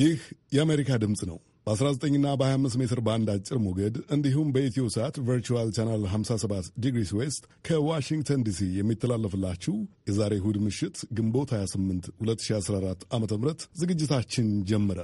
ይህ የአሜሪካ ድምፅ ነው። በ19ና በ25 ሜትር ባንድ አጭር ሞገድ እንዲሁም በኢትዮ ሰዓት ቨርቹዋል ቻናል 57 ዲግሪስ ዌስት ከዋሽንግተን ዲሲ የሚተላለፍላችሁ የዛሬ እሁድ ምሽት ግንቦት 28 2014 ዓ ም ዝግጅታችን ጀመረ።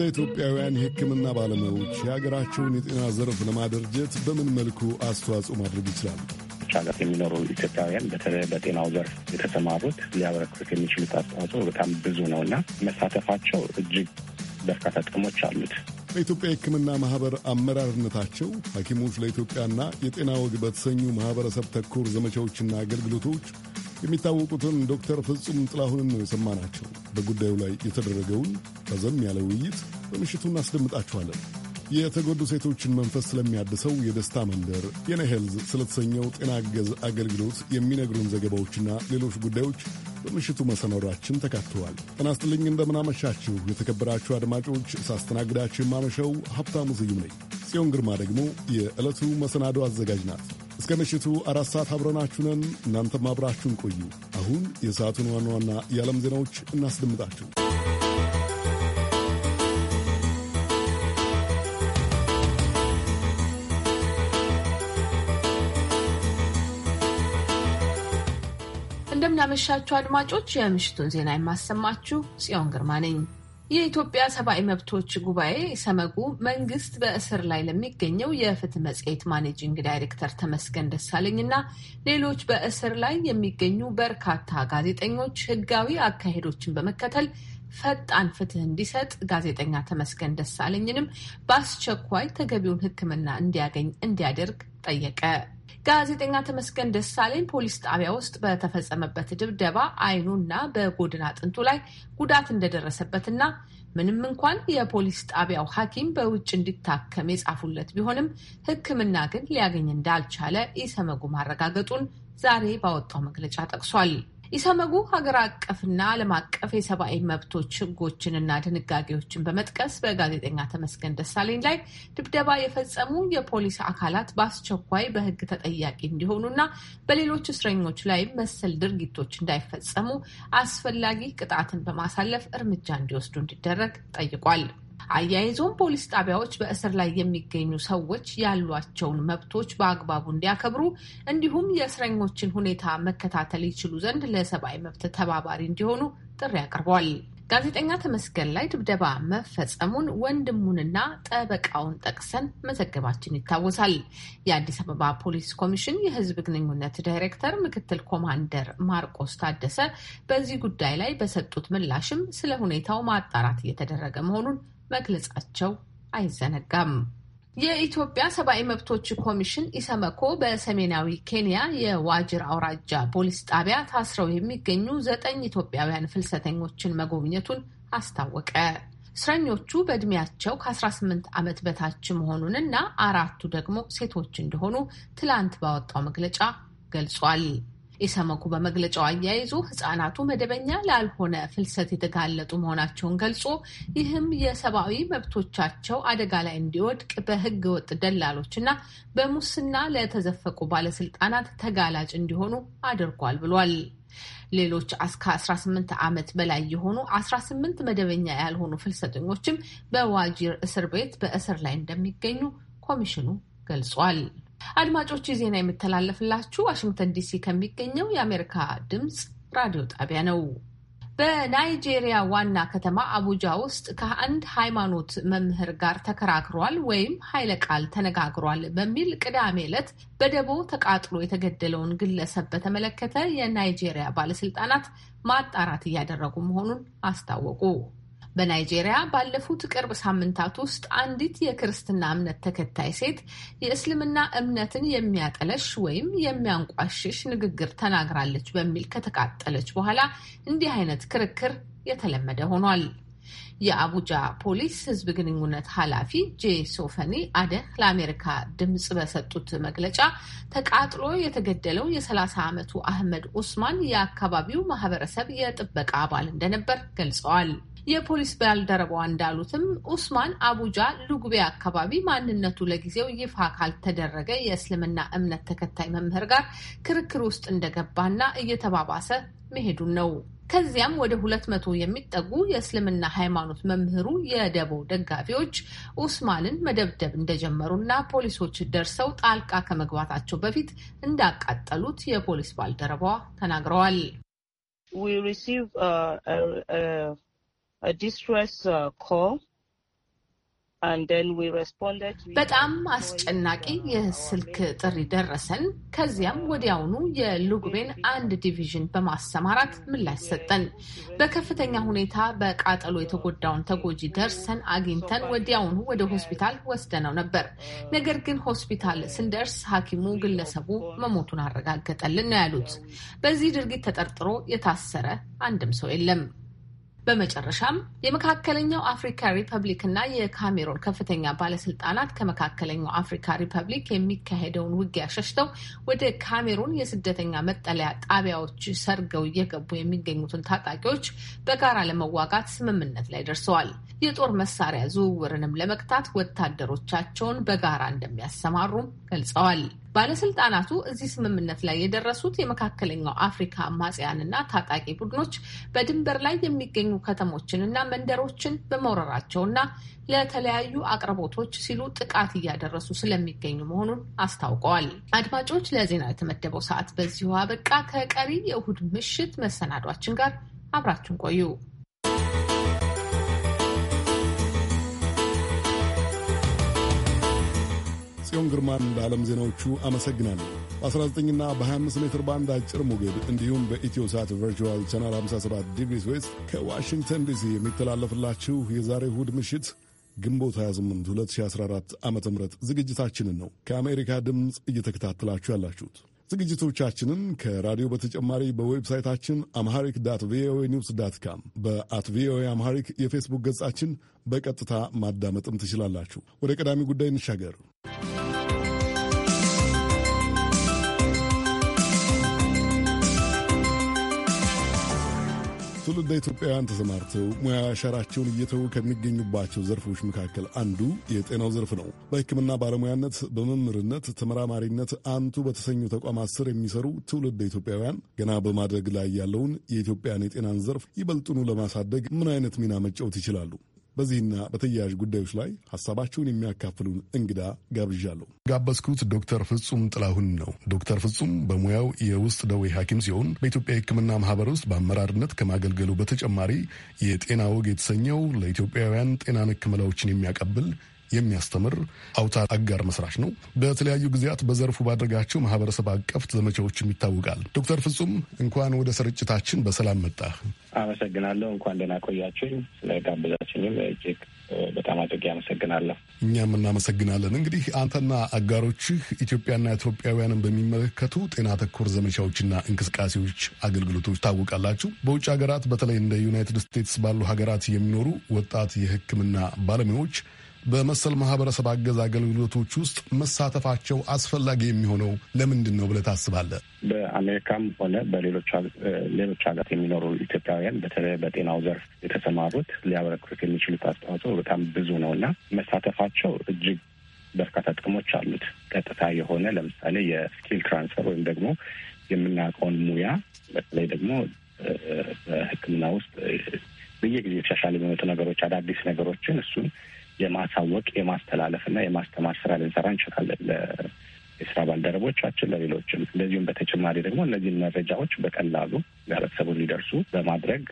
ትውልደ ኢትዮጵያውያን የሕክምና ባለሙያዎች የሀገራቸውን የጤና ዘርፍ ለማደርጀት በምን መልኩ አስተዋጽኦ ማድረግ ይችላሉ? ሀገር የሚኖሩ ኢትዮጵያውያን በተለይ በጤናው ዘርፍ የተሰማሩት ሊያበረክቱት የሚችሉት አስተዋጽኦ በጣም ብዙ ነው እና መሳተፋቸው እጅግ በርካታ ጥቅሞች አሉት። በኢትዮጵያ የሕክምና ማህበር አመራርነታቸው ሐኪሞች ለኢትዮጵያና የጤና ወግ በተሰኙ ማህበረሰብ ተኮር ዘመቻዎችና አገልግሎቶች የሚታወቁትን ዶክተር ፍጹም ጥላሁንን ነው የሰማናቸው። በጉዳዩ ላይ የተደረገውን ረዘም ያለ ውይይት በምሽቱ እናስደምጣችኋለን። የተጎዱ ሴቶችን መንፈስ ስለሚያድሰው የደስታ መንደር፣ የኔ ሄልዝ ስለተሰኘው ጤና አገዝ አገልግሎት የሚነግሩን ዘገባዎችና ሌሎች ጉዳዮች በምሽቱ መሰናዷችን ተካትተዋል። ጤና ይስጥልኝ፣ እንደምናመሻችሁ የተከበራችሁ አድማጮች፣ ሳስተናግዳችሁ የማመሸው ሀብታሙ ስዩም ነኝ። ጽዮን ግርማ ደግሞ የዕለቱ መሰናዶ አዘጋጅ ናት። እስከ ምሽቱ አራት ሰዓት አብረናችሁ ነን። እናንተም አብራችሁን ቆዩ። አሁን የሰዓቱን ዋና ዋና የዓለም ዜናዎች እናስደምጣችሁ። እንደምናመሻችሁ አድማጮች፣ የምሽቱን ዜና የማሰማችሁ ጽዮን ግርማ ነኝ። የኢትዮጵያ ሰብአዊ መብቶች ጉባኤ ሰመጉ መንግስት በእስር ላይ ለሚገኘው የፍትህ መጽሔት ማኔጂንግ ዳይሬክተር ተመስገን ደሳለኝ እና ሌሎች በእስር ላይ የሚገኙ በርካታ ጋዜጠኞች ህጋዊ አካሄዶችን በመከተል ፈጣን ፍትህ እንዲሰጥ ጋዜጠኛ ተመስገን ደሳለኝንም በአስቸኳይ ተገቢውን ሕክምና እንዲያገኝ እንዲያደርግ ጠየቀ። ጋዜጠኛ ተመስገን ደሳለኝ ፖሊስ ጣቢያ ውስጥ በተፈጸመበት ድብደባ አይኑና በጎድን አጥንቱ ላይ ጉዳት እንደደረሰበትና ምንም እንኳን የፖሊስ ጣቢያው ሐኪም በውጭ እንዲታከም የጻፉለት ቢሆንም ሕክምና ግን ሊያገኝ እንዳልቻለ ኢሰመጉ ማረጋገጡን ዛሬ ባወጣው መግለጫ ጠቅሷል። ኢሰመጉ ሀገር አቀፍና ዓለም አቀፍ የሰብአዊ መብቶች ህጎችንና ድንጋጌዎችን በመጥቀስ በጋዜጠኛ ተመስገን ደሳለኝ ላይ ድብደባ የፈጸሙ የፖሊስ አካላት በአስቸኳይ በህግ ተጠያቂ እንዲሆኑና በሌሎች እስረኞች ላይ መሰል ድርጊቶች እንዳይፈጸሙ አስፈላጊ ቅጣትን በማሳለፍ እርምጃ እንዲወስዱ እንዲደረግ ጠይቋል። አያይዞም ፖሊስ ጣቢያዎች በእስር ላይ የሚገኙ ሰዎች ያሏቸውን መብቶች በአግባቡ እንዲያከብሩ እንዲሁም የእስረኞችን ሁኔታ መከታተል ይችሉ ዘንድ ለሰብአዊ መብት ተባባሪ እንዲሆኑ ጥሪ አቅርበዋል። ጋዜጠኛ ተመስገን ላይ ድብደባ መፈጸሙን ወንድሙንና ጠበቃውን ጠቅሰን መዘገባችን ይታወሳል። የአዲስ አበባ ፖሊስ ኮሚሽን የሕዝብ ግንኙነት ዳይሬክተር ምክትል ኮማንደር ማርቆስ ታደሰ በዚህ ጉዳይ ላይ በሰጡት ምላሽም ስለ ሁኔታው ማጣራት እየተደረገ መሆኑን መግለጻቸው አይዘነጋም። የኢትዮጵያ ሰብአዊ መብቶች ኮሚሽን ኢሰመኮ በሰሜናዊ ኬንያ የዋጅር አውራጃ ፖሊስ ጣቢያ ታስረው የሚገኙ ዘጠኝ ኢትዮጵያውያን ፍልሰተኞችን መጎብኘቱን አስታወቀ። እስረኞቹ በእድሜያቸው ከ18 ዓመት በታች መሆኑንና አራቱ ደግሞ ሴቶች እንደሆኑ ትላንት ባወጣው መግለጫ ገልጿል። ኢሰመኩ በመግለጫው አያይዞ ህጻናቱ መደበኛ ላልሆነ ፍልሰት የተጋለጡ መሆናቸውን ገልጾ ይህም የሰብአዊ መብቶቻቸው አደጋ ላይ እንዲወድቅ በህገ ወጥ ደላሎችና በሙስና ለተዘፈቁ ባለስልጣናት ተጋላጭ እንዲሆኑ አድርጓል ብሏል። ሌሎች እስከ 18 ዓመት በላይ የሆኑ 18 መደበኛ ያልሆኑ ፍልሰተኞችም በዋጅር እስር ቤት በእስር ላይ እንደሚገኙ ኮሚሽኑ ገልጿል። አድማጮች ዜና የምተላለፍላችሁ ዋሽንግተን ዲሲ ከሚገኘው የአሜሪካ ድምፅ ራዲዮ ጣቢያ ነው። በናይጄሪያ ዋና ከተማ አቡጃ ውስጥ ከአንድ ሃይማኖት መምህር ጋር ተከራክሯል ወይም ኃይለ ቃል ተነጋግሯል በሚል ቅዳሜ ዕለት በደቦ ተቃጥሎ የተገደለውን ግለሰብ በተመለከተ የናይጄሪያ ባለስልጣናት ማጣራት እያደረጉ መሆኑን አስታወቁ። በናይጄሪያ ባለፉት ቅርብ ሳምንታት ውስጥ አንዲት የክርስትና እምነት ተከታይ ሴት የእስልምና እምነትን የሚያጠለሽ ወይም የሚያንቋሽሽ ንግግር ተናግራለች በሚል ከተቃጠለች በኋላ እንዲህ አይነት ክርክር የተለመደ ሆኗል። የአቡጃ ፖሊስ ሕዝብ ግንኙነት ኃላፊ ጄ ሶፈኒ አደ ለአሜሪካ ድምፅ በሰጡት መግለጫ ተቃጥሎ የተገደለው የ30 ዓመቱ አህመድ ኡስማን የአካባቢው ማህበረሰብ የጥበቃ አባል እንደነበር ገልጸዋል። የፖሊስ ባልደረባዋ እንዳሉትም ኡስማን አቡጃ ሉጉቤ አካባቢ ማንነቱ ለጊዜው ይፋ ካልተደረገ የእስልምና እምነት ተከታይ መምህር ጋር ክርክር ውስጥ እንደገባና እየተባባሰ መሄዱን ነው። ከዚያም ወደ ሁለት መቶ የሚጠጉ የእስልምና ሃይማኖት መምህሩ የደቦ ደጋፊዎች ኡስማንን መደብደብ እንደጀመሩ እና ፖሊሶች ደርሰው ጣልቃ ከመግባታቸው በፊት እንዳቃጠሉት የፖሊስ ባልደረባዋ ተናግረዋል። distress uh, call. በጣም አስጨናቂ uh, የስልክ ጥሪ ደረሰን። ከዚያም ወዲያውኑ የሉግቤን አንድ ዲቪዥን በማሰማራት uh, ምላሽ ሰጠን። በከፍተኛ ሁኔታ በቃጠሎ የተጎዳውን ተጎጂ ደርሰን አግኝተን ወዲያውኑ ወደ ሆስፒታል ወስደነው ነበር። ነገር ግን ሆስፒታል ስንደርስ ሐኪሙ ግለሰቡ መሞቱን አረጋገጠልን ነው ያሉት። በዚህ ድርጊት ተጠርጥሮ የታሰረ አንድም ሰው የለም። በመጨረሻም የመካከለኛው አፍሪካ ሪፐብሊክና የካሜሮን ከፍተኛ ባለስልጣናት ከመካከለኛው አፍሪካ ሪፐብሊክ የሚካሄደውን ውጊያ ሸሽተው ወደ ካሜሩን የስደተኛ መጠለያ ጣቢያዎች ሰርገው እየገቡ የሚገኙትን ታጣቂዎች በጋራ ለመዋጋት ስምምነት ላይ ደርሰዋል። የጦር መሳሪያ ዝውውርንም ለመግታት ወታደሮቻቸውን በጋራ እንደሚያሰማሩም ገልጸዋል። ባለስልጣናቱ እዚህ ስምምነት ላይ የደረሱት የመካከለኛው አፍሪካ አማጽያንና ታጣቂ ቡድኖች በድንበር ላይ የሚገኙ ከተሞችንና መንደሮችን በመውረራቸውና ለተለያዩ አቅርቦቶች ሲሉ ጥቃት እያደረሱ ስለሚገኙ መሆኑን አስታውቀዋል። አድማጮች፣ ለዜና የተመደበው ሰዓት በዚሁ አበቃ። ከቀሪ የእሁድ ምሽት መሰናዷችን ጋር አብራችን ቆዩ። ጽዮን ግርማን ለዓለም ዜናዎቹ አመሰግናለሁ። በ19ና በ25 ሜትር ባንድ አጭር ሞገድ እንዲሁም በኢትዮ ሳት ቨርቹዋል ቻናል 57 ዲግሪስ ዌስት ከዋሽንግተን ዲሲ የሚተላለፍላችሁ የዛሬ እሁድ ምሽት ግንቦት 28 2014 ዓ ም ዝግጅታችንን ነው ከአሜሪካ ድምፅ እየተከታተላችሁ ያላችሁት። ዝግጅቶቻችንን ከራዲዮ በተጨማሪ በዌብሳይታችን አምሃሪክ ዳት ቪኦኤ ኒውስ ዳት ካም በአት ቪኦኤ አምሃሪክ የፌስቡክ ገጻችን በቀጥታ ማዳመጥም ትችላላችሁ። ወደ ቀዳሚ ጉዳይ እንሻገር። ትውልደ ኢትዮጵያውያን ተሰማርተው ሙያ አሻራቸውን እየተዉ ከሚገኙባቸው ዘርፎች መካከል አንዱ የጤናው ዘርፍ ነው። በሕክምና ባለሙያነት፣ በመምህርነት፣ ተመራማሪነት አንቱ በተሰኙ ተቋማት ስር የሚሰሩ ትውልደ ኢትዮጵያውያን ገና በማደግ ላይ ያለውን የኢትዮጵያን የጤናን ዘርፍ ይበልጥኑ ለማሳደግ ምን አይነት ሚና መጫወት ይችላሉ? በዚህና በተያያዥ ጉዳዮች ላይ ሀሳባቸውን የሚያካፍሉን እንግዳ ጋብዣለሁ። ጋበዝኩት ዶክተር ፍጹም ጥላሁን ነው። ዶክተር ፍጹም በሙያው የውስጥ ደዌ ሐኪም ሲሆን በኢትዮጵያ የሕክምና ማህበር ውስጥ በአመራርነት ከማገልገሉ በተጨማሪ የጤና ወግ የተሰኘው ለኢትዮጵያውያን ጤና ነክ መላዎችን የሚያቀብል የሚያስተምር አውታር አጋር መስራች ነው። በተለያዩ ጊዜያት በዘርፉ ባደረጋቸው ማህበረሰብ አቀፍ ዘመቻዎችም ይታወቃል። ዶክተር ፍጹም እንኳን ወደ ስርጭታችን በሰላም መጣ። አመሰግናለሁ። እንኳን ደህና ቆያችሁኝ። ስለጋበዛችሁኝም እጅግ በጣም አድርጌ አመሰግናለሁ። እኛም እናመሰግናለን። እንግዲህ አንተና አጋሮችህ ኢትዮጵያና ኢትዮጵያውያንን በሚመለከቱ ጤና ተኮር ዘመቻዎችና እንቅስቃሴዎች፣ አገልግሎቶች ታወቃላችሁ። በውጭ ሀገራት በተለይ እንደ ዩናይትድ ስቴትስ ባሉ ሀገራት የሚኖሩ ወጣት የሕክምና ባለሙያዎች በመሰል ማህበረሰብ አገዝ አገልግሎቶች ውስጥ መሳተፋቸው አስፈላጊ የሚሆነው ለምንድን ነው ብለህ ታስባለህ? በአሜሪካም ሆነ በሌሎች ሌሎች ሀገራት የሚኖሩ ኢትዮጵያውያን በተለይ በጤናው ዘርፍ የተሰማሩት ሊያበረክቱት የሚችሉት አስተዋጽኦ በጣም ብዙ ነው እና መሳተፋቸው እጅግ በርካታ ጥቅሞች አሉት። ቀጥታ የሆነ ለምሳሌ የስኪል ትራንስፈር ወይም ደግሞ የምናውቀውን ሙያ በተለይ ደግሞ በሕክምና ውስጥ በየጊዜ የተሻሻለ የሚመጡ ነገሮች አዳዲስ ነገሮችን እሱን የማሳወቅ የማስተላለፍ የማስተላለፍና የማስተማር ስራ ልንሰራ እንችላለን የስራ ባልደረቦቻችን ለሌሎችም። እንደዚሁም በተጨማሪ ደግሞ እነዚህን መረጃዎች በቀላሉ ለህብረተሰቡ ሊደርሱ በማድረግ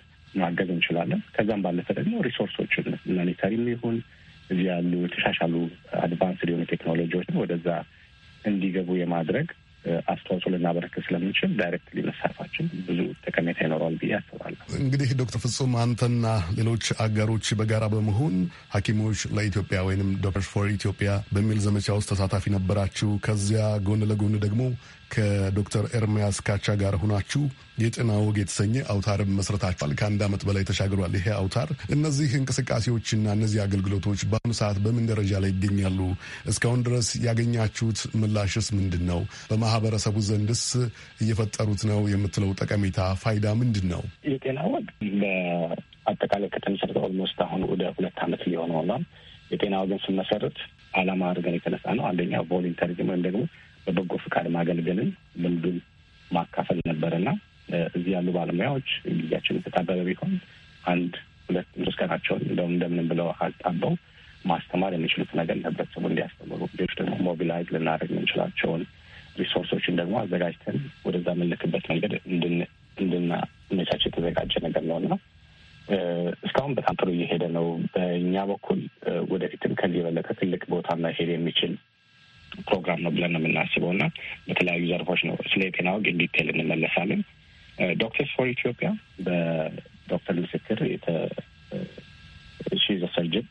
ማገዝ እንችላለን። ከዛም ባለፈ ደግሞ ሪሶርሶችን ሞኒተሪም ይሁን እዚህ ያሉ የተሻሻሉ አድቫንስ የሆኑ ቴክኖሎጂዎችን ወደዛ እንዲገቡ የማድረግ አስተዋጽኦ ልናበረክት ስለምንችል ዳይሬክትሊ መሳተፋችን ብዙ ጠቀሜታ ይኖረዋል ብዬ አስባለሁ። እንግዲህ ዶክተር ፍጹም አንተና ሌሎች አጋሮች በጋራ በመሆን ሐኪሞች ለኢትዮጵያ ወይም ዶክተርስ ፎር ኢትዮጵያ በሚል ዘመቻ ውስጥ ተሳታፊ ነበራችሁ። ከዚያ ጎን ለጎን ደግሞ ከዶክተር ኤርሚያስ ካቻ ጋር ሆናችሁ የጤና ወግ የተሰኘ አውታር መስረታችኋል። ከአንድ ዓመት በላይ ተሻግሯል ይሄ አውታር። እነዚህ እንቅስቃሴዎችና እነዚህ አገልግሎቶች በአሁኑ ሰዓት በምን ደረጃ ላይ ይገኛሉ? እስካሁን ድረስ ያገኛችሁት ምላሽስ ምንድን ነው? በማህበረሰቡ ዘንድስ እየፈጠሩት ነው የምትለው ጠቀሜታ ፋይዳ ምንድን ነው? የጤና ወግ በአጠቃላይ ከተመሰረተ ኦልሞስት አሁን ወደ ሁለት ዓመት ነው። የጤና ወግን ስመሰርት አላማ አድርገን የተነሳ ነው። አንደኛ ቮሊንተሪዝም ወይም ደግሞ በበጎ ፍቃድ ማገልገልን ልምዱን ማካፈል ነበርና እዚህ ያሉ ባለሙያዎች ጊዜያችን የተጣበበ ቢሆን አንድ ሁለት ሶስት ቀናቸውን እንደውም እንደምንም ብለው አጣበው ማስተማር የሚችሉት ነገር ህብረተሰቡ እንዲያስተምሩ፣ ሌሎች ደግሞ ሞቢላይዝ ልናደርግ የምንችላቸውን ሪሶርሶችን ደግሞ አዘጋጅተን ወደዛ የምንልክበት መንገድ እንድናመቻች የተዘጋጀ ነገር ነው እና እስካሁን በጣም ጥሩ እየሄደ ነው። በእኛ በኩል ወደፊትም ከዚህ የበለጠ ትልቅ ቦታ መሄድ የሚችል ፕሮግራም ነው ብለን ነው የምናስበው እና በተለያዩ ዘርፎች ነው ስለ የጤና ወግ ዲቴል እንመለሳለን። ዶክተርስ ፎር ኢትዮጵያ በዶክተር ምስክር ሺ ዘሰርጅን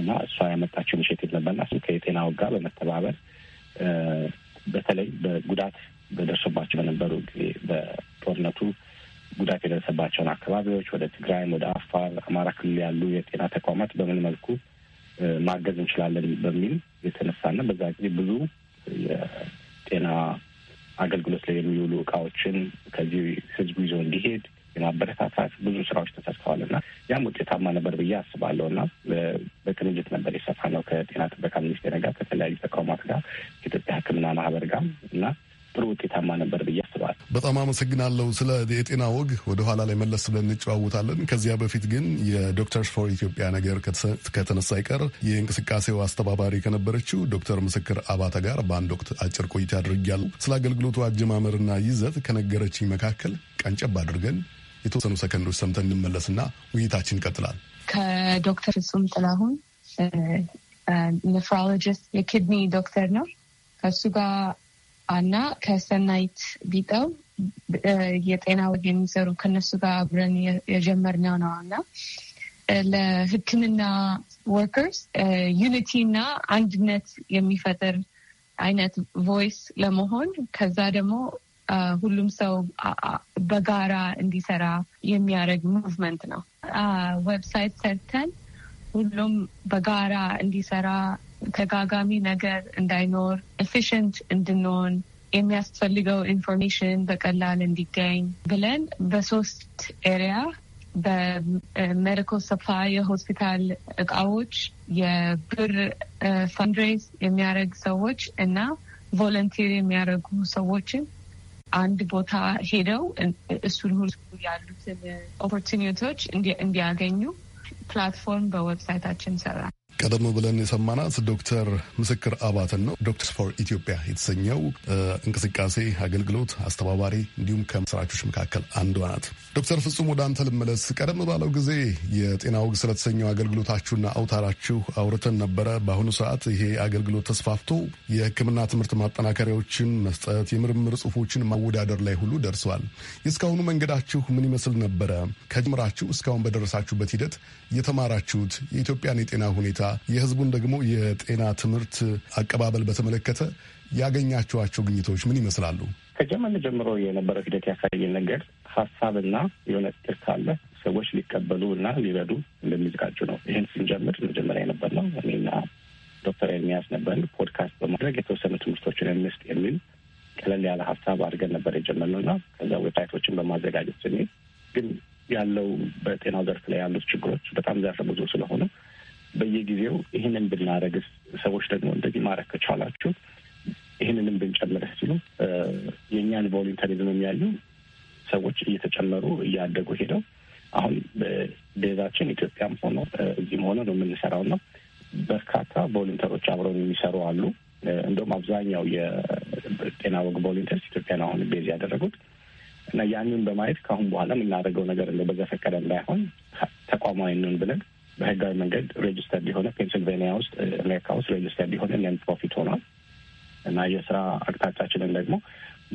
እና እሷ ያመጣችው ኢኒሼቲቭ ነበርና ከየጤና ጋር በመተባበር በተለይ በጉዳት በደርሶባቸው በነበሩ በጦርነቱ ጉዳት የደረሰባቸውን አካባቢዎች ወደ ትግራይም ወደ አፋር፣ አማራ ክልል ያሉ የጤና ተቋማት በምን መልኩ ማገዝ እንችላለን በሚል የተነሳና በዛ ጊዜ ብዙ የጤና አገልግሎት ላይ የሚውሉ እቃዎችን ከዚህ ህዝቡ ይዞ እንዲሄድ የማበረታታት ብዙ ስራዎች ተሰርተዋል እና ያም ውጤታማ ነበር ብዬ አስባለሁ እና በጣም አመሰግናለሁ። ስለ የጤና ወግ ወደኋላ ላይ መለስ ብለን እንጨዋወታለን። ከዚያ በፊት ግን የዶክተርስ ፎር ኢትዮጵያ ነገር ከተነሳ አይቀር የእንቅስቃሴው አስተባባሪ ከነበረችው ዶክተር ምስክር አባተ ጋር በአንድ ወቅት አጭር ቆይታ አድርጊያለሁ። ስለ አገልግሎቱ አጀማመርና ይዘት ከነገረችኝ መካከል ቀንጨብ አድርገን የተወሰኑ ሰከንዶች ሰምተን እንመለስና ውይይታችን ይቀጥላል። ከዶክተር ፍጹም ጥላሁን ኔፍሮሎጂስት የኪድኒ ዶክተር ነው። ከእሱ ጋር እና ከሰናይት ቢጠው የጤና ወግ የሚሰሩ ከነሱ ጋር አብረን የጀመርነው ነው እና ለህክምና ወርከርስ ዩኒቲ እና አንድነት የሚፈጥር አይነት ቮይስ ለመሆን ከዛ ደግሞ ሁሉም ሰው በጋራ እንዲሰራ የሚያደርግ ሙቭመንት ነው። ዌብሳይት ሰርተን ሁሉም በጋራ እንዲሰራ ተጋጋሚ ነገር እንዳይኖር ኤፊሽንት እንድንሆን የሚያስፈልገው ኢንፎርሜሽን በቀላል እንዲገኝ ብለን በሶስት ኤሪያ በሜዲካል ሰፕላይ የሆስፒታል እቃዎች፣ የብር ፈንድሬዝ የሚያደርግ ሰዎች እና ቮለንቲር የሚያደርጉ ሰዎችን አንድ ቦታ ሄደው እሱን ሁሉ ያሉትን ኦፖርቹኒቲዎች እንዲያገኙ ፕላትፎርም በዌብሳይታችን ሰራ። ቀደም ብለን የሰማናት ዶክተር ምስክር አባተን ነው። ዶክተርስ ፎር ኢትዮጵያ የተሰኘው እንቅስቃሴ አገልግሎት አስተባባሪ እንዲሁም ከመስራቾች መካከል አንዷ ናት። ዶክተር ፍጹም ወደ አንተ ልመለስ። ቀደም ባለው ጊዜ የጤና ወግ ስለተሰኘው አገልግሎታችሁና አውታራችሁ አውርተን ነበረ። በአሁኑ ሰዓት ይሄ አገልግሎት ተስፋፍቶ የሕክምና ትምህርት ማጠናከሪያዎችን መስጠት፣ የምርምር ጽሁፎችን ማወዳደር ላይ ሁሉ ደርሰዋል። የእስካሁኑ መንገዳችሁ ምን ይመስል ነበረ? ከጀምራችሁ እስካሁን በደረሳችሁበት ሂደት የተማራችሁት የኢትዮጵያን የጤና ሁኔታ የህዝቡን ደግሞ የጤና ትምህርት አቀባበል በተመለከተ ያገኛችኋቸው ግኝቶች ምን ይመስላሉ? ከጀመን ጀምሮ የነበረ ሂደት ያሳየን ነገር ሀሳብና የሆነ እቅድ ካለ ሰዎች ሊቀበሉ እና ሊረዱ እንደሚዘጋጁ ነው። ይህን ስንጀምር መጀመሪያ የነበር ነው እኔና ዶክተር ኤርሚያስ ነበር ፖድካስት በማድረግ የተወሰኑ ትምህርቶችን እንስጥ የሚል ቀለል ያለ ሀሳብ አድርገን ነበር የጀመርነው እና ከዛ ዌብሳይቶችን በማዘጋጀት ስሜ ግን ያለው በጤናው ዘርፍ ላይ ያሉት ችግሮች በጣም ዘርፈ ብዙ ስለሆነ በየጊዜው ይህንን ብናደረግስ ሰዎች ደግሞ እንደዚህ ማድረግ ከቻላችሁ ይህንንም ብንጨምርስ ሲሉ የእኛን ቮሊንተሪዝምም ያሉ ሰዎች እየተጨመሩ እያደጉ ሄደው አሁን ቤዛችን ኢትዮጵያም ሆኖ እዚህም ሆነ ነው የምንሰራው ነው። በርካታ ቮሉንተሮች አብረው የሚሰሩ አሉ። እንደውም አብዛኛው የጤና ወግ ቮሉንተርስ ኢትዮጵያን አሁን ቤዝ ያደረጉት እና ያንን በማየት ከአሁን በኋላ የምናደርገው ነገር እንደው በዘፈቀደ እንዳይሆን ተቋማዊ ነን ብለን በህጋዊ መንገድ ሬጅስተር የሆነ ፔንስልቬኒያ ውስጥ አሜሪካ ውስጥ ሬጅስተር የሆነ ነን ፕሮፊት ሆኗል እና የስራ አቅጣጫችንን ደግሞ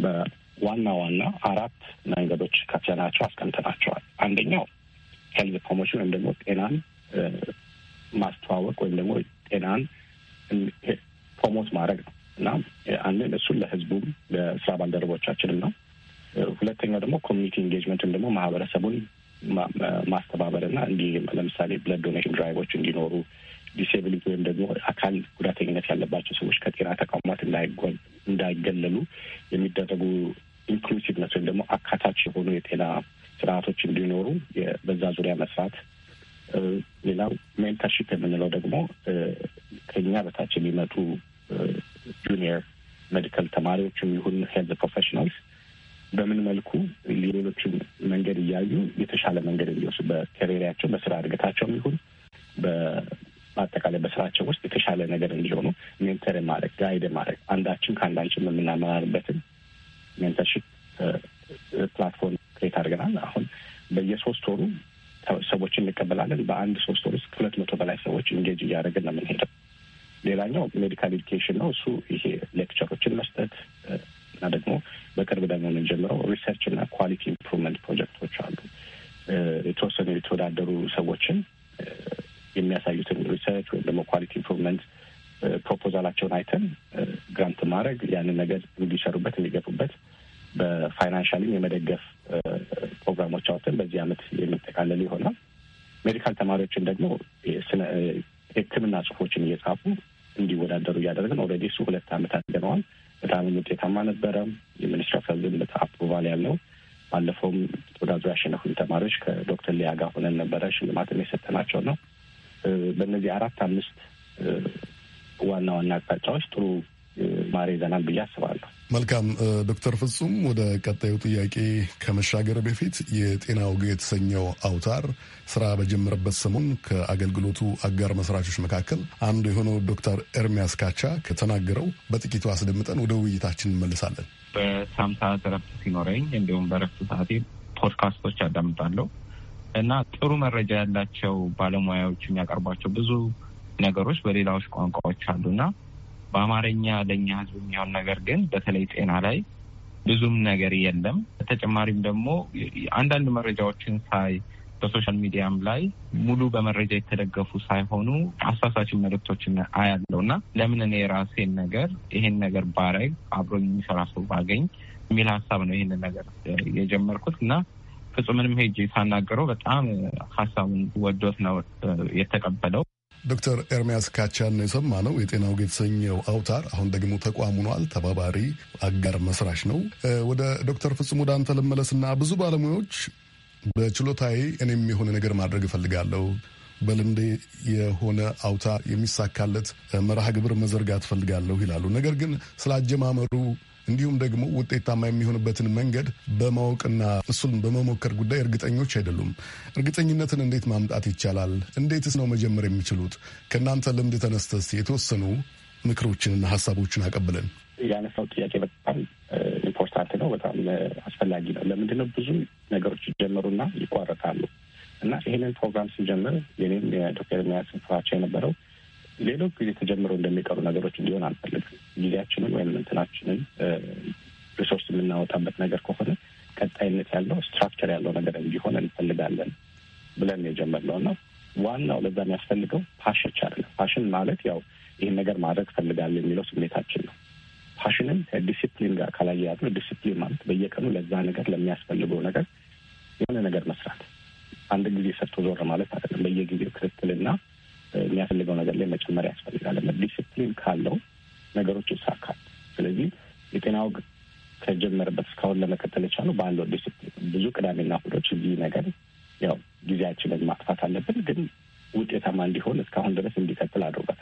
በዋና ዋና አራት መንገዶች ከፍለናቸው አስቀምጠናቸዋል። አንደኛው ሄልዝ ፕሮሞሽን ወይም ደግሞ ጤናን ማስተዋወቅ ወይም ደግሞ ጤናን ፕሮሞት ማድረግ ነው እና አንድን እሱን ለህዝቡም ለስራ ባልደረቦቻችንም ነው። ሁለተኛው ደግሞ ኮሚኒቲ ኢንጌጅመንት ወይም ደግሞ ማህበረሰቡን ማስተባበር እና እንዲህ ለምሳሌ ብለድ ዶኔሽን ድራይቮች እንዲኖሩ ዲሴቢሊቲ ወይም ደግሞ አካል ጉዳተኝነት ያለባቸው ሰዎች ከጤና ተቋማት እንዳይገለሉ የሚደረጉ ኢንክሉሲቭነት ወይም ደግሞ አካታች የሆኑ የጤና ስርዓቶች እንዲኖሩ በዛ ዙሪያ መስራት። ሌላው ሜንተርሺፕ የምንለው ደግሞ ከኛ በታች የሚመጡ ጁኒየር ሜዲካል ተማሪዎችም ይሁን ሄልዝ ፕሮፌሽናልስ በምን መልኩ ሌሎችን መንገድ እያዩ የተሻለ መንገድ እንዲወስ በከሬሪያቸው በስራ እድገታቸው ይሁን በአጠቃላይ በስራቸው ውስጥ የተሻለ ነገር እንዲሆኑ ሜንተር ማድረግ ጋይድ ማድረግ አንዳችን ከአንዳችን የምናመራርበትን ሜንተርሽፕ ፕላትፎርም ክሬት አድርገናል። አሁን በየሶስት ወሩ ሰዎች እንቀበላለን። በአንድ ሶስት ወር ውስጥ ሁለት መቶ በላይ ሰዎች እንጌጅ እያደረግን ነው የምንሄደው። ሌላኛው ሜዲካል ኤዱኬሽን ነው። እሱ ይሄ ሌክቸሮችን መስጠት እና ደግሞ በቅርብ ደግሞ የምንጀምረው ሪሰርች እና ኳሊቲ ኢምፕሩቭመንት ፕሮጀክቶች አሉ። የተወሰኑ የተወዳደሩ ሰዎችን የሚያሳዩትን ሪሰርች ወይም ደግሞ ኳሊቲ ኢምፕሩቭመንት ፕሮፖዛላቸውን አይተን ግራንት ማድረግ ያንን ነገር እንዲሰሩበት እንዲገፉበት በፋይናንሻሊ የመደገፍ ፕሮግራሞች አውጥተን በዚህ አመት የሚጠቃለል ይሆናል። ሜዲካል ተማሪዎችን ደግሞ ሕክምና ጽሁፎችን እየጻፉ እንዲወዳደሩ እያደረግን ኦልሬዲ እሱ ሁለት ዓመት አድርገነዋል። በጣም ውጤታማ ነበረ። የሚኒስትር ኦፍ ሄልዝ አፕሮቫል ያለው ባለፈውም ተወዳድሮ ያሸነፉን ተማሪዎች ከዶክተር ሊያ ጋር ሆነን ነበረ ሽልማትም የሰጠናቸው ነው። በእነዚህ አራት አምስት ዋና ዋና አቅጣጫዎች ጥሩ ማር ይዘናል ብዬ አስባለሁ። መልካም ዶክተር ፍጹም ወደ ቀጣዩ ጥያቄ ከመሻገር በፊት የጤና ወግ የተሰኘው አውታር ስራ በጀመረበት ሰሞን ከአገልግሎቱ አጋር መስራቾች መካከል አንዱ የሆነው ዶክተር ኤርሚያስ ካቻ ከተናገረው በጥቂቱ አስደምጠን ወደ ውይይታችን እንመልሳለን። በሳም ሰዓት እረፍት ሲኖረኝ እንዲሁም በእረፍት ሰዓቴ ፖድካስቶች አዳምጣለሁ እና ጥሩ መረጃ ያላቸው ባለሙያዎች የሚያቀርቧቸው ብዙ ነገሮች በሌላዎች ቋንቋዎች አሉና በአማርኛ ለእኛ ህዝብ የሚሆን ነገር ግን በተለይ ጤና ላይ ብዙም ነገር የለም። በተጨማሪም ደግሞ አንዳንድ መረጃዎችን ሳይ በሶሻል ሚዲያም ላይ ሙሉ በመረጃ የተደገፉ ሳይሆኑ አሳሳች መልእክቶችን አያለው እና ለምን እኔ የራሴን ነገር ይሄን ነገር ባረግ አብሮኝ የሚሰራ ሰው ባገኝ የሚል ሀሳብ ነው ይህንን ነገር የጀመርኩት እና ፍጹምንም ሄጅ ሳናገረው በጣም ሀሳቡን ወዶት ነው የተቀበለው። ዶክተር ኤርሚያስ ካቻን የሰማ ነው። የጤና ወግ የተሰኘው አውታር አሁን ደግሞ ተቋም ሆኗል። ተባባሪ አጋር መስራች ነው። ወደ ዶክተር ፍጹም ወደ አንተ ልመለስና ብዙ ባለሙያዎች በችሎታዬ እኔም የሆነ ነገር ማድረግ እፈልጋለሁ በልምዴ የሆነ አውታር የሚሳካለት መርሃ ግብር መዘርጋት እፈልጋለሁ ይላሉ። ነገር ግን ስለ አጀማመሩ እንዲሁም ደግሞ ውጤታማ የሚሆንበትን መንገድ በማወቅና እሱን በመሞከር ጉዳይ እርግጠኞች አይደሉም። እርግጠኝነትን እንዴት ማምጣት ይቻላል? እንዴትስ ነው መጀመር የሚችሉት? ከእናንተ ልምድ ተነስተስ የተወሰኑ ምክሮችንና ሀሳቦችን አቀብለን ያነሳው ጥያቄ በጣም ኢምፖርታንት ነው። በጣም አስፈላጊ ነው። ለምንድነው ብዙ ነገሮች ይጀመሩና ይቋረጣሉ እና ይህንን ፕሮግራም ስንጀምር የኔም የዶክተር ሚያስ የነበረው ሌሎች ጊዜ ተጀምረው እንደሚቀሩ ነገሮች እንዲሆን አንፈልግም። ጊዜያችንን ወይም እንትናችንን ሪሶርስ የምናወጣበት ነገር ከሆነ ቀጣይነት ያለው ስትራክቸር ያለው ነገር እንዲሆን እንፈልጋለን ብለን የጀመርነው እና ዋናው ለዛ የሚያስፈልገው ፓሽን አይደለም። ፓሽን ማለት ያው ይህን ነገር ማድረግ ፈልጋለሁ የሚለው ስሜታችን ነው። ፓሽንን ከዲሲፕሊን ጋር ካላያያዝ ነው። ዲሲፕሊን ማለት በየቀኑ ለዛ ነገር ለሚያስፈልገው ነገር የሆነ ነገር መስራት፣ አንድ ጊዜ ሰርቶ ዞር ማለት አይደለም። በየጊዜው ክትትልና የሚያስፈልገው ነገር ላይ መጨመር ያስፈልጋል። ዲስፕሊን ካለው ነገሮች ይሳካል። ስለዚህ የጤና ወግ ከጀመረበት እስካሁን ለመከተል የቻለው ባለው ዲስፕሊን ብዙ ቅዳሜና እሑዶች እዚህ ነገር ያው ጊዜያችንን ማጥፋት አለብን፣ ግን ውጤታማ እንዲሆን እስካሁን ድረስ እንዲቀጥል አድርጓል።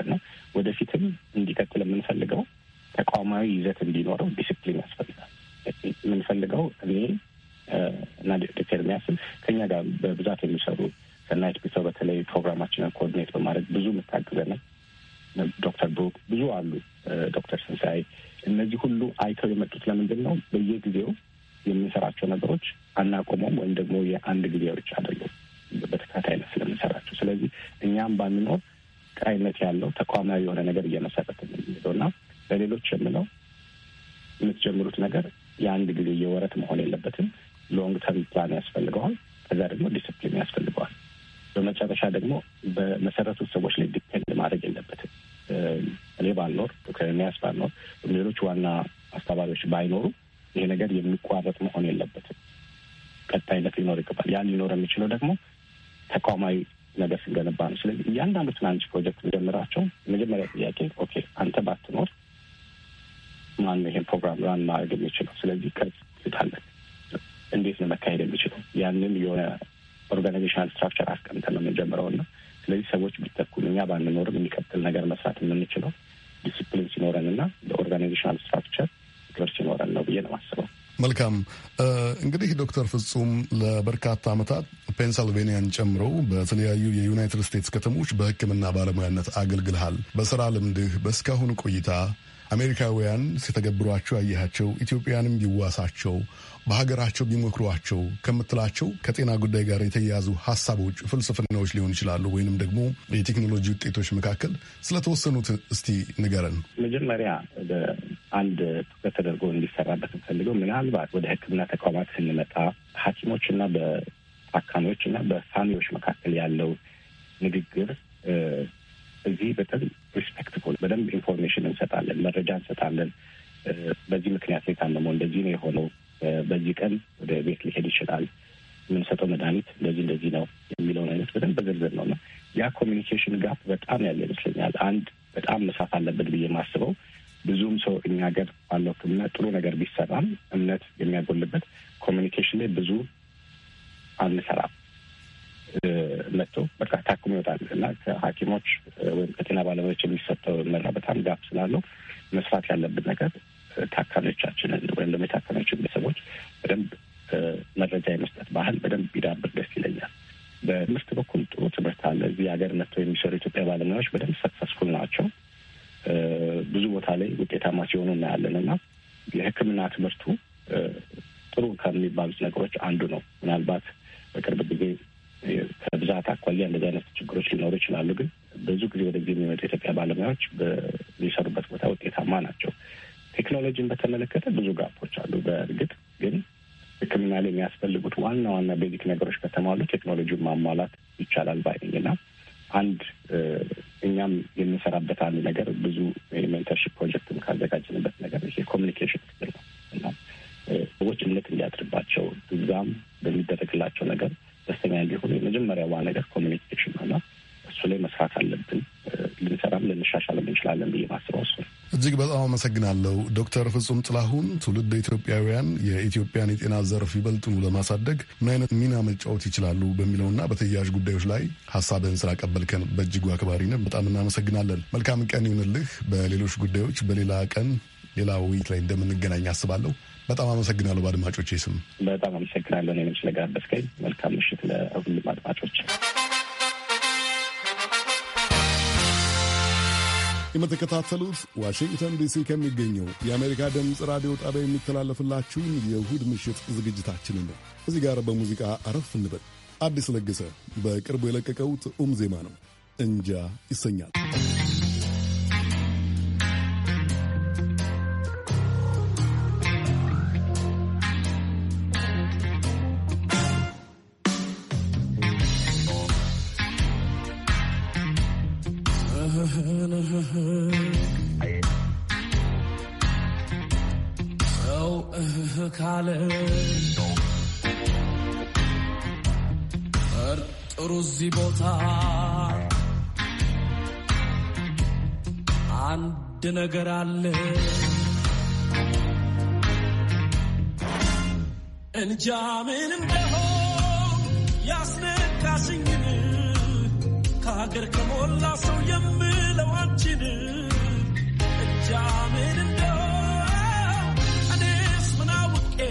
ዶክተር ፍጹም ለበርካታ ዓመታት ፔንሳልቬኒያን ጨምሮ በተለያዩ የዩናይትድ ስቴትስ ከተሞች በሕክምና ባለሙያነት አገልግልሃል። በሥራ ልምድህ በስካሁን ቆይታ አሜሪካውያን ሲተገብሯቸው ያየሃቸው ኢትዮጵያንም ይዋሳቸው በሀገራቸው ቢሞክሯቸው ከምትላቸው ከጤና ጉዳይ ጋር የተያያዙ ሀሳቦች፣ ፍልስፍናዎች ሊሆን ይችላሉ ወይንም ደግሞ የቴክኖሎጂ ውጤቶች መካከል ስለተወሰኑት እስቲ ንገረን። መጀመሪያ አንድ ትኩረት ተደርጎ እንዲሰራበት የምፈልገው ምናልባት ወደ ሕክምና ተቋማት ስንመጣ ሐኪሞች እና በታካሚዎች እና በፋሚዎች መካከል ያለው ንግግር እዚህ በጣም ሪስፔክትፉል በደንብ ኢንፎርሜሽን እንሰጣለን፣ መረጃ እንሰጣለን። በዚህ ምክንያት የታመመው እንደዚህ ነው የሆነው በዚህ ቀን ወደ ቤት ሊሄድ ይችላል፣ የምንሰጠው መድኃኒት እንደዚህ እንደዚህ ነው የሚለውን አይነት በደንብ በዝርዝር ነው እና ያ ኮሚኒኬሽን ጋፕ በጣም ያለ ይመስለኛል። አንድ በጣም መሳት አለበት ብዬ የማስበው ብዙም ሰው እኛ ገር ባለው ሕክምና ጥሩ ነገር ቢሰራም እምነት የሚያጎልበት ኮሚኒኬሽን ላይ ብዙ አንሰራም። መጥቶ በቃ ታክሞ ይወጣል እና ከሐኪሞች ወይም ከጤና ባለሙያዎች የሚሰጠው መራ በጣም ጋፕ ስላለው መስራት ያለብን ነገር ታካሚዎቻችንን ወይም ደግሞ የታካሚዎችን ቤተሰቦች በደንብ መረጃ የመስጠት ባህል በደንብ ቢዳብር ደስ ይለኛል። በምርት በኩል ጥሩ ትምህርት አለ። እዚህ ሀገር መጥተው የሚሰሩ ኢትዮጵያ ባለሙያዎች በደንብ ሰክሰስፉል ናቸው። ብዙ ቦታ ላይ ውጤታማ ሲሆኑ እናያለን እና የሕክምና ትምህርቱ ጥሩ ከሚባሉት ነገሮች አንዱ ነው። ምናልባት በቅርብ ጊዜ ከብዛት አኳያ እንደዚህ አይነት ችግሮች ሊኖሩ ይችላሉ። ግን ብዙ ጊዜ ወደዚህ የሚመጡ የኢትዮጵያ ባለሙያዎች በሚሰሩበት ቦታ ውጤታማ ናቸው። ቴክኖሎጂን በተመለከተ ብዙ ጋፖች አሉ። በእርግጥ ግን ሕክምና ላይ የሚያስፈልጉት ዋና ዋና ቤዚክ ነገሮች ከተሟሉ ቴክኖሎጂ ማሟላት ይቻላል ባይነኝ እና አንድ እኛም የምንሰራበት አንድ ነገር ብዙ የሜንተርሽፕ ፕሮጀክትም ካዘጋጀንበት ነገር የኮሚኒኬሽን ክፍል ነው እና ሰዎች እምነት እንዲያድርባቸው እዛም በሚደረግላቸው ነገር ደስተኛ እንዲሆኑ የመጀመሪያ ዋ ነገር ኮሚኒኬሽን ነው እና እሱ ላይ መስራት አለብን። ልንሰራም ልንሻሻልም እንችላለን ብዬ ማስበው እሱ እጅግ በጣም አመሰግናለሁ ዶክተር ፍጹም ጥላሁን። ትውልድ ኢትዮጵያውያን የኢትዮጵያን የጤና ዘርፍ ይበልጥኑ ለማሳደግ ምን አይነት ሚና መጫወት ይችላሉ በሚለውና በተያያዥ ጉዳዮች ላይ ሀሳብህን ስላቀበልከን በእጅጉ አክባሪነት በጣም እናመሰግናለን። መልካም ቀን ይሁንልህ። በሌሎች ጉዳዮች በሌላ ቀን ሌላ ውይይት ላይ እንደምንገናኝ አስባለሁ። በጣም አመሰግናለሁ። በአድማጮች ስም በጣም አመሰግናለሁ። ስለጋበዝከኝ መልካም ምሽት ለሁሉም አድማጮች። የምትከታተሉት ዋሽንግተን ዲሲ ከሚገኘው የአሜሪካ ድምፅ ራዲዮ ጣቢያ የሚተላለፍላችሁን የእሁድ ምሽት ዝግጅታችንን ነው። እዚህ ጋር በሙዚቃ አረፍ እንበል። አዲስ ለገሰ በቅርቡ የለቀቀው ጥዑም ዜማ ነው፣ እንጃ ይሰኛል። ነገር አለ እንጃ ምን እንደሆን ያስነካሽኝን ከሀገር ከሞላ ሰው የምለው አንቺን እንጃ ምን እንደሆን እኔስ ምናውቄ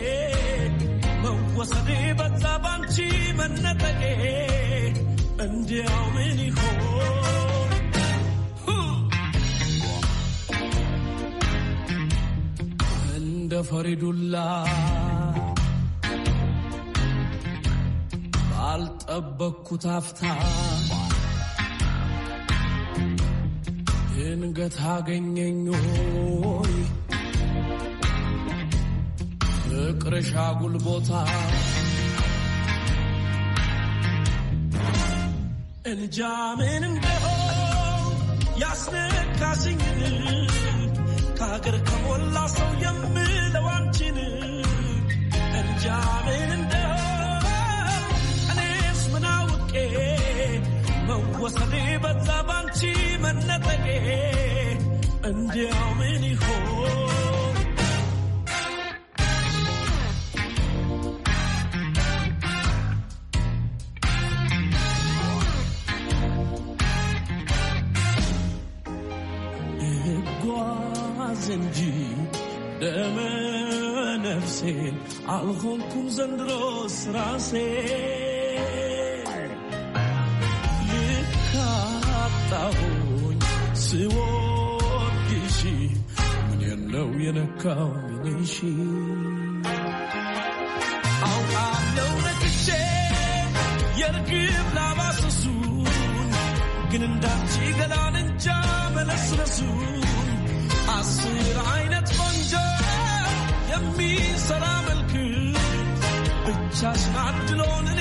መወሰዴ በዛ ባንቺ መነጠቄ እንዲያው ምን ይሆን ፈሪዱላ ባልጠበቅኩት አፍታ ድንገት አገኘኝ ሆይ ጉልቦታ እንጃ ምን ያስነካስኝ ሀገር ከሞላ ሰው የምለው አንቺን እንጃ ምን እንደሆነ እኔስ ምን አውቄ መወሰኔ በዛ ባንቺ መነጠቄ እንዲያው ምን ይሆን راسه الغول كون زندروس راسه يكاتاهون سوودشي من يلو ينكاو من شي او قالو نكشي يركب لاباسسون جننداتي قلان انجا ملسلسون عصير عينك የሚሰራ መልክ ብቻ ስናድሎን እኔ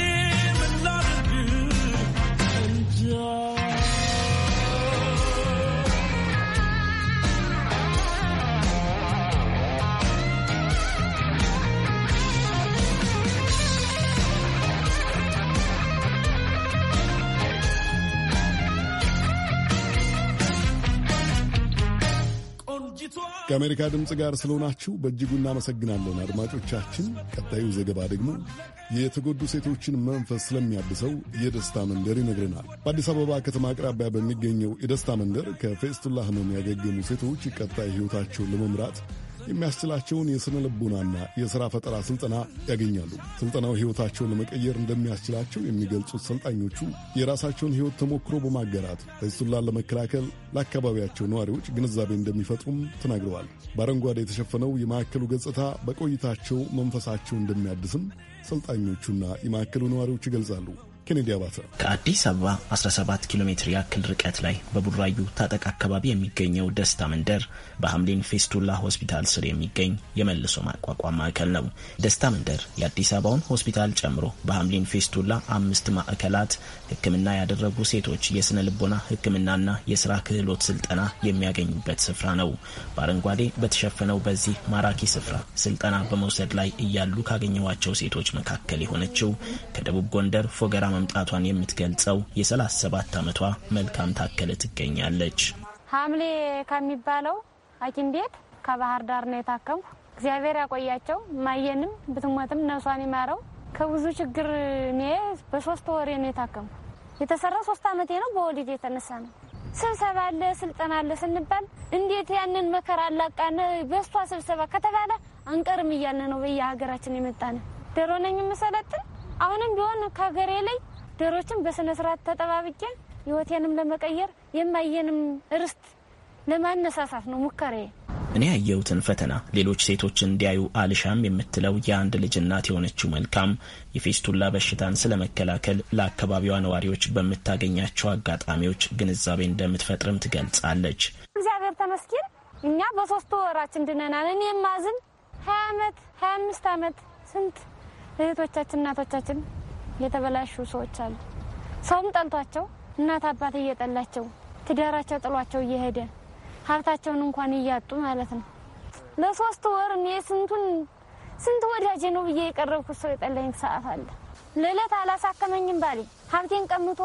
ከአሜሪካ ድምፅ ጋር ስለሆናችሁ በእጅጉ እናመሰግናለን አድማጮቻችን። ቀጣዩ ዘገባ ደግሞ የተጎዱ ሴቶችን መንፈስ ስለሚያድሰው የደስታ መንደር ይነግረናል። በአዲስ አበባ ከተማ አቅራቢያ በሚገኘው የደስታ መንደር ከፌስቱላ ሕመም ያገገሙ ሴቶች ቀጣይ ሕይወታቸውን ለመምራት የሚያስችላቸውን የሥነ ልቦናና የሥራ ፈጠራ ሥልጠና ያገኛሉ። ሥልጠናው ሕይወታቸውን ለመቀየር እንደሚያስችላቸው የሚገልጹት ሰልጣኞቹ የራሳቸውን ሕይወት ተሞክሮ በማገራት እሱላን ለመከላከል ለአካባቢያቸው ነዋሪዎች ግንዛቤ እንደሚፈጥሩም ተናግረዋል። በአረንጓዴ የተሸፈነው የማዕከሉ ገጽታ በቆይታቸው መንፈሳቸው እንደሚያድስም ሰልጣኞቹና የማዕከሉ ነዋሪዎች ይገልጻሉ። ኬኔዲ አባተ ከአዲስ አበባ 17 ኪሎ ሜትር ያክል ርቀት ላይ በቡራዩ ታጠቅ አካባቢ የሚገኘው ደስታ መንደር በሐምሊን ፌስቱላ ሆስፒታል ስር የሚገኝ የመልሶ ማቋቋም ማዕከል ነው። ደስታ መንደር የአዲስ አበባውን ሆስፒታል ጨምሮ በሐምሊን ፌስቱላ አምስት ማዕከላት ሕክምና ያደረጉ ሴቶች የስነ ልቦና ሕክምናና የስራ ክህሎት ስልጠና የሚያገኙበት ስፍራ ነው። በአረንጓዴ በተሸፈነው በዚህ ማራኪ ስፍራ ስልጠና በመውሰድ ላይ እያሉ ካገኘዋቸው ሴቶች መካከል የሆነችው ከደቡብ ጎንደር ፎገራ መምጣቷን የምትገልጸው የ37 ዓመቷ መልካም ታከለ ትገኛለች። ሐምሌ ከሚባለው ሐኪም ቤት ከባህር ዳር ነው የታከምኩ። እግዚአብሔር ያቆያቸው። ማየንም ብትሞትም ነብሷን ይማረው። ከብዙ ችግር እኔ በሶስት ወሬ ነው የታከምኩ። የተሰራ ሶስት ዓመቴ ነው። በወሊድ የተነሳ ነው። ስብሰባ አለ ስልጠና አለ ስንባል እንዴት ያንን መከራ አላቃነ በሷ ስብሰባ ከተባለ አንቀርም እያለ ነው በየሀገራችን የመጣነ ደሮነኝ መሰለትን አሁንም ቢሆን ከሀገሬ ላይ ዶሮችን በስነስርዓት ተጠባብቄ ህይወቴንም ለመቀየር የማየንም ርስት ለማነሳሳት ነው ሙከሬ። እኔ ያየሁትን ፈተና ሌሎች ሴቶች እንዲያዩ አልሻም የምትለው የአንድ ልጅ እናት የሆነችው መልካም የፌስቱላ በሽታን ስለመከላከል ለአካባቢዋ ነዋሪዎች በምታገኛቸው አጋጣሚዎች ግንዛቤ እንደምትፈጥርም ትገልጻለች። እግዚአብሔር ተመስገን እኛ በሶስት ወራችን ድነናል። እኔ የማዝን ሀያ አመት ሀያ አምስት አመት ስንት እህቶቻችን፣ እናቶቻችን የተበላሹ ሰዎች አሉ። ሰውም ጠልቷቸው፣ እናት አባት እየጠላቸው፣ ትዳራቸው ጥሏቸው እየሄደ ሀብታቸውን እንኳን እያጡ ማለት ነው። ለሶስት ወር እኔ ስንቱን ስንት ወዳጄ ነው ብዬ የቀረብኩት ሰው የጠላኝ ሰዓት አለ። ለዕለት አላሳከመኝም ባሌ ሀብቴን ቀምቶ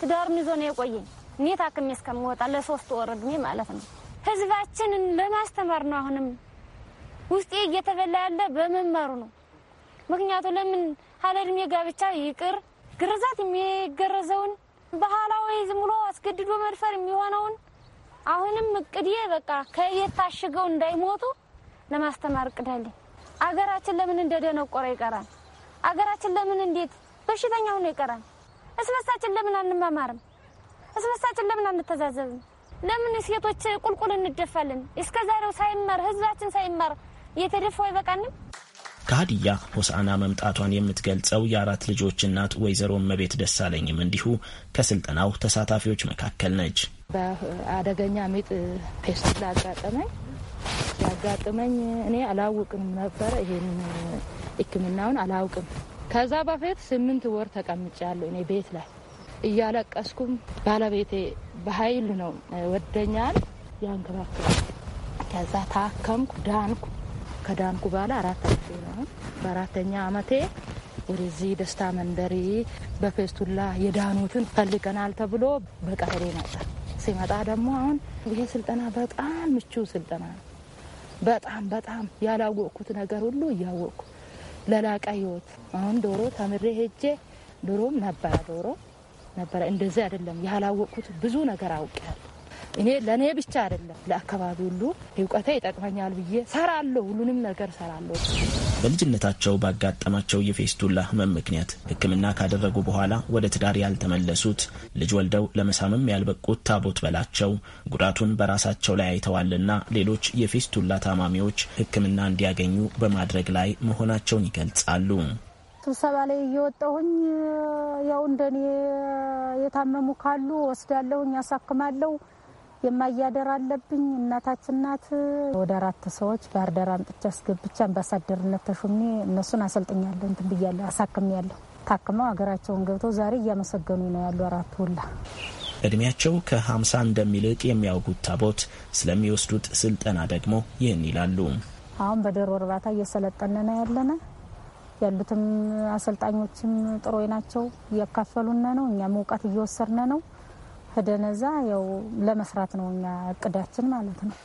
ትዳሩን ይዞ ነው የቆየኝ። እኔ ታክሜ እስከምወጣ ለሶስት ወር እድሜ ማለት ነው። ህዝባችንን ለማስተማር ነው አሁንም ውስጤ እየተበላ ያለ በመማሩ ነው። ምክንያቱ ለምን ያለ እድሜ ጋብቻ ይቅር ግርዛት የሚገረዘውን ባህላዊ ዝም ብሎ አስገድዶ መድፈር የሚሆነውን አሁንም እቅዴ በቃ ከየት ታሽገው እንዳይሞቱ ለማስተማር እቅዳለኝ። አገራችን ለምን እንደደነቆረ ይቀራል? አገራችን ለምን እንዴት በሽተኛ ሆኖ ይቀራል? እስበሳችን ለምን አንማማርም? እስበሳችን ለምን አንተዛዘብም? ለምን ሴቶች ቁልቁል እንደፋለን? እስከዛሬው ሳይማር ህዝባችን ሳይማር እየተደፋው ይበቃንም። ከሀዲያ ሆሳና መምጣቷን የምትገልጸው የአራት ልጆች እናት ወይዘሮ እመቤት ደሳለኝም እንዲሁ ከስልጠናው ተሳታፊዎች መካከል ነች። በአደገኛ ሚጥ ፔስት ላጋጠመኝ ያጋጥመኝ እኔ አላውቅም ነበረ። ይሄን ሕክምናውን አላውቅም። ከዛ በፊት ስምንት ወር ተቀምጫለሁ እኔ ቤት ላይ እያለቀስኩም ባለቤቴ በኃይል ነው ወደኛል ያንከባከብ። ከዛ ታከምኩ ዳንኩ። ከዳንኩ በኋላ አራት ዓመቴ ነው። በአራተኛ ዓመቴ ወደዚህ ደስታ መንደሪ በፌስቱላ የዳኑትን ፈልገናል ተብሎ በቀበሌ መጣ። ሲመጣ ደግሞ አሁን ይሄ ስልጠና በጣም ምቹ ስልጠና ነው። በጣም በጣም ያላወቅኩት ነገር ሁሉ እያወቅኩ ለላቀ ህይወት አሁን ዶሮ ተምሬ ሄጄ ዶሮም ነበረ ዶሮ ነበረ እንደዚህ አይደለም ያላወቅኩት ብዙ ነገር አውቄያለሁ። እኔ ለእኔ ብቻ አይደለም ለአካባቢ ሁሉ እውቀቴ ይጠቅመኛል ብዬ ሰራለሁ። ሁሉንም ነገር ሰራለሁ። በልጅነታቸው ባጋጠማቸው የፌስቱላ ህመም ምክንያት ሕክምና ካደረጉ በኋላ ወደ ትዳር ያልተመለሱት ልጅ ወልደው ለመሳምም ያልበቁት ታቦት በላቸው ጉዳቱን በራሳቸው ላይ አይተዋልና ሌሎች የፌስቱላ ታማሚዎች ሕክምና እንዲያገኙ በማድረግ ላይ መሆናቸውን ይገልጻሉ። ስብሰባ ላይ እየወጣሁኝ ያው እንደኔ የታመሙ ካሉ ወስዳለሁኝ፣ ያሳክማለሁ የማያደር አለብኝ እናታችን ናት። ወደ አራት ሰዎች ባህር ዳር አምጥቼ አስገብቼ አምባሳደርነት ተሾሜ እነሱን አሰልጥኛለሁ፣ እንትን ብያለሁ፣ አሳክሜያለሁ። ታክመው ሀገራቸውን ገብተው ዛሬ እያመሰገኑ ነው ያሉ አራት ሁላ እድሜያቸው ከ50 እንደሚልቅ የሚያውጉት ታቦት ስለሚወስዱት ስልጠና ደግሞ ይህን ይላሉ። አሁን በዶሮ እርባታ እየሰለጠነ ነው ያለነ ያሉትም አሰልጣኞችም ጥሩ ናቸው፣ እያካፈሉነ ነው። እኛም እውቀት እየወሰድነ ነው። ሄደን እዛ ያው ለመስራት ነው እኛ እቅዳችን ማለት ነው።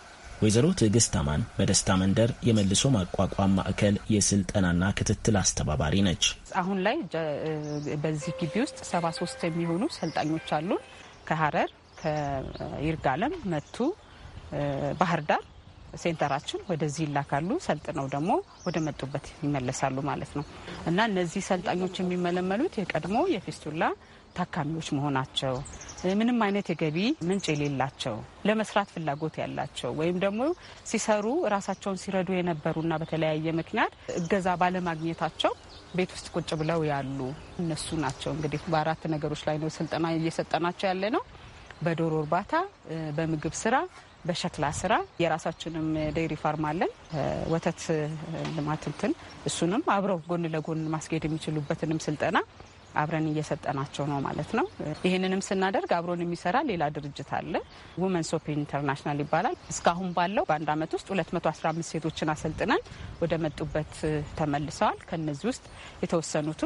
ወይዘሮ ትዕግስት አማን በደስታ መንደር የመልሶ ማቋቋም ማዕከል የስልጠናና ክትትል አስተባባሪ ነች። አሁን ላይ በዚህ ግቢ ውስጥ ሰባ ሶስት የሚሆኑ ሰልጣኞች አሉን። ከሀረር፣ ከይርጋለም፣ መቱ፣ ባህር ዳር ሴንተራችን ወደዚህ ይላካሉ። ሰልጥነው ደግሞ ወደ መጡበት ይመለሳሉ ማለት ነው እና እነዚህ ሰልጣኞች የሚመለመሉት የቀድሞ የፊስቱላ ታካሚዎች መሆናቸው ምንም አይነት የገቢ ምንጭ የሌላቸው ለመስራት ፍላጎት ያላቸው ወይም ደግሞ ሲሰሩ ራሳቸውን ሲረዱ የነበሩና በተለያየ ምክንያት እገዛ ባለማግኘታቸው ቤት ውስጥ ቁጭ ብለው ያሉ እነሱ ናቸው። እንግዲህ በአራት ነገሮች ላይ ነው ስልጠና እየሰጠናቸው ያለ ነው። በዶሮ እርባታ፣ በምግብ ስራ፣ በሸክላ ስራ የራሳችንም ዴይሪ ፋርም አለን። ወተት ልማት እንትን እሱንም አብረው ጎን ለጎን ማስጌድ የሚችሉበትንም ስልጠና አብረን እየሰጠናቸው ነው ማለት ነው። ይህንንም ስናደርግ አብሮን የሚሰራ ሌላ ድርጅት አለ። ውመንስ ኦፕ ኢንተርናሽናል ይባላል። እስካሁን ባለው በአንድ አመት ውስጥ 215 ሴቶችን አሰልጥነን ወደ መጡበት ተመልሰዋል። ከነዚህ ውስጥ የተወሰኑቱ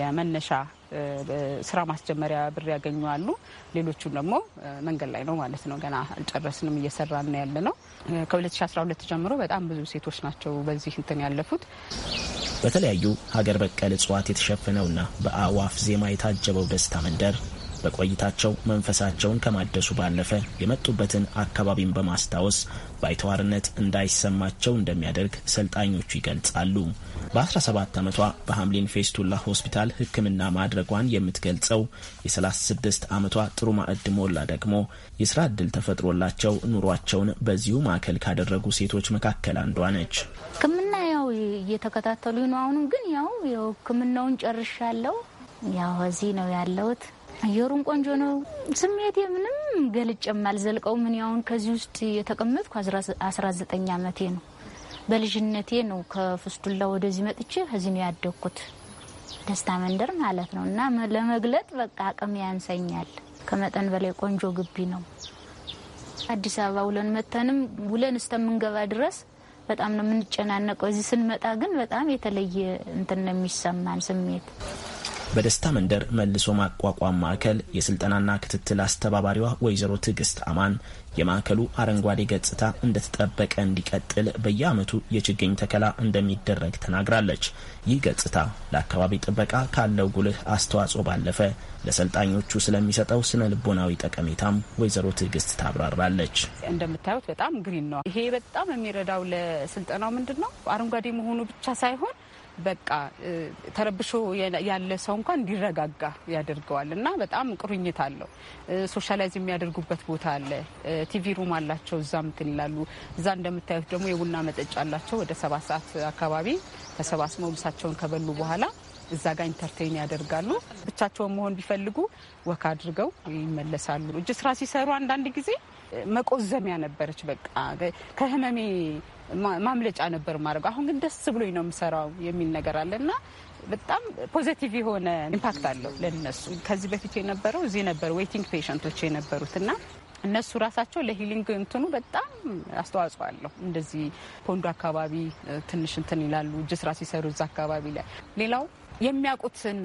የመነሻ ስራ ማስጀመሪያ ብር ያገኙ አሉ። ሌሎቹም ደግሞ መንገድ ላይ ነው ማለት ነው። ገና አልጨረስንም፣ እየሰራን ያለ ነው። ከ2012 ጀምሮ በጣም ብዙ ሴቶች ናቸው በዚህ እንትን ያለፉት። በተለያዩ ሀገር በቀል እጽዋት የተሸፈነውና በአእዋፍ ዜማ የታጀበው ደስታ መንደር በቆይታቸው መንፈሳቸውን ከማደሱ ባለፈ የመጡበትን አካባቢን በማስታወስ ባይተዋርነት እንዳይሰማቸው እንደሚያደርግ ሰልጣኞቹ ይገልጻሉ። በ17 ዓመቷ በሐምሊን ፌስቱላ ሆስፒታል ሕክምና ማድረጓን የምትገልጸው የ36 ዓመቷ ጥሩ ማዕድ ሞላ ደግሞ የስራ ዕድል ተፈጥሮላቸው ኑሯቸውን በዚሁ ማዕከል ካደረጉ ሴቶች መካከል አንዷ ነች። ሕክምና ያው እየተከታተሉ ነው። አሁንም ግን ያው ሕክምናውን ጨርሻለሁ። ያው እዚህ ነው ያለሁት። አየሩን ቆንጆ ነው። ስሜቴ ምንም ገልጬም አልዘልቀው። ምን ያውን ከዚህ ውስጥ የተቀመጥኩ አስራ ዘጠኝ አመቴ ነው። በልጅነቴ ነው ከፍስቱላ ወደዚህ መጥቼ እዚህ ነው ያደግኩት ደስታ መንደር ማለት ነው። እና ለመግለጥ በቃ አቅም ያንሰኛል። ከመጠን በላይ ቆንጆ ግቢ ነው። አዲስ አበባ ውለን መተንም ውለን እስከምንገባ ድረስ በጣም ነው የምንጨናነቀው። እዚህ ስንመጣ ግን በጣም የተለየ እንትን ነው የሚሰማን ስሜት በደስታ መንደር መልሶ ማቋቋም ማዕከል የስልጠናና ክትትል አስተባባሪዋ ወይዘሮ ትዕግስት አማን የማዕከሉ አረንጓዴ ገጽታ እንደተጠበቀ እንዲቀጥል በየዓመቱ የችግኝ ተከላ እንደሚደረግ ተናግራለች። ይህ ገጽታ ለአካባቢ ጥበቃ ካለው ጉልህ አስተዋጽኦ ባለፈ ለሰልጣኞቹ ስለሚሰጠው ስነ ልቦናዊ ጠቀሜታም ወይዘሮ ትዕግስት ታብራራለች። እንደምታዩት በጣም ግሪን ነው። ይሄ በጣም የሚረዳው ለስልጠናው ምንድን ነው አረንጓዴ መሆኑ ብቻ ሳይሆን በቃ ተረብሾ ያለ ሰው እንኳን እንዲረጋጋ ያደርገዋል እና በጣም ቁርኝት አለው። ሶሻላይዝ የሚያደርጉበት ቦታ አለ። ቲቪ ሩም አላቸው። እዛ ምትን ይላሉ። እዛ እንደምታዩት ደግሞ የቡና መጠጫ አላቸው። ወደ ሰባት ሰዓት አካባቢ ተሰባስበው ምሳቸውን ከበሉ በኋላ እዛ ጋር ኢንተርቴን ያደርጋሉ። ብቻቸውን መሆን ቢፈልጉ ወክ አድርገው ይመለሳሉ። እጅ ስራ ሲሰሩ አንዳንድ ጊዜ መቆዘሚያ ነበረች። በቃ ከህመሜ ማምለጫ ነበር ማድረገው። አሁን ግን ደስ ብሎኝ ነው የምሰራው የሚል ነገር አለ እና በጣም ፖዘቲቭ የሆነ ኢምፓክት አለው ለነሱ። ከዚህ በፊት የነበረው እዚህ ነበር ዌይቲንግ ፔሸንቶች የነበሩት እና እነሱ ራሳቸው ለሂሊንግ እንትኑ በጣም አስተዋጽኦ አለው። እንደዚህ ፖንዱ አካባቢ ትንሽ እንትን ይላሉ፣ እጅ ስራ ሲሰሩ እዛ አካባቢ ላይ። ሌላው የሚያውቁትን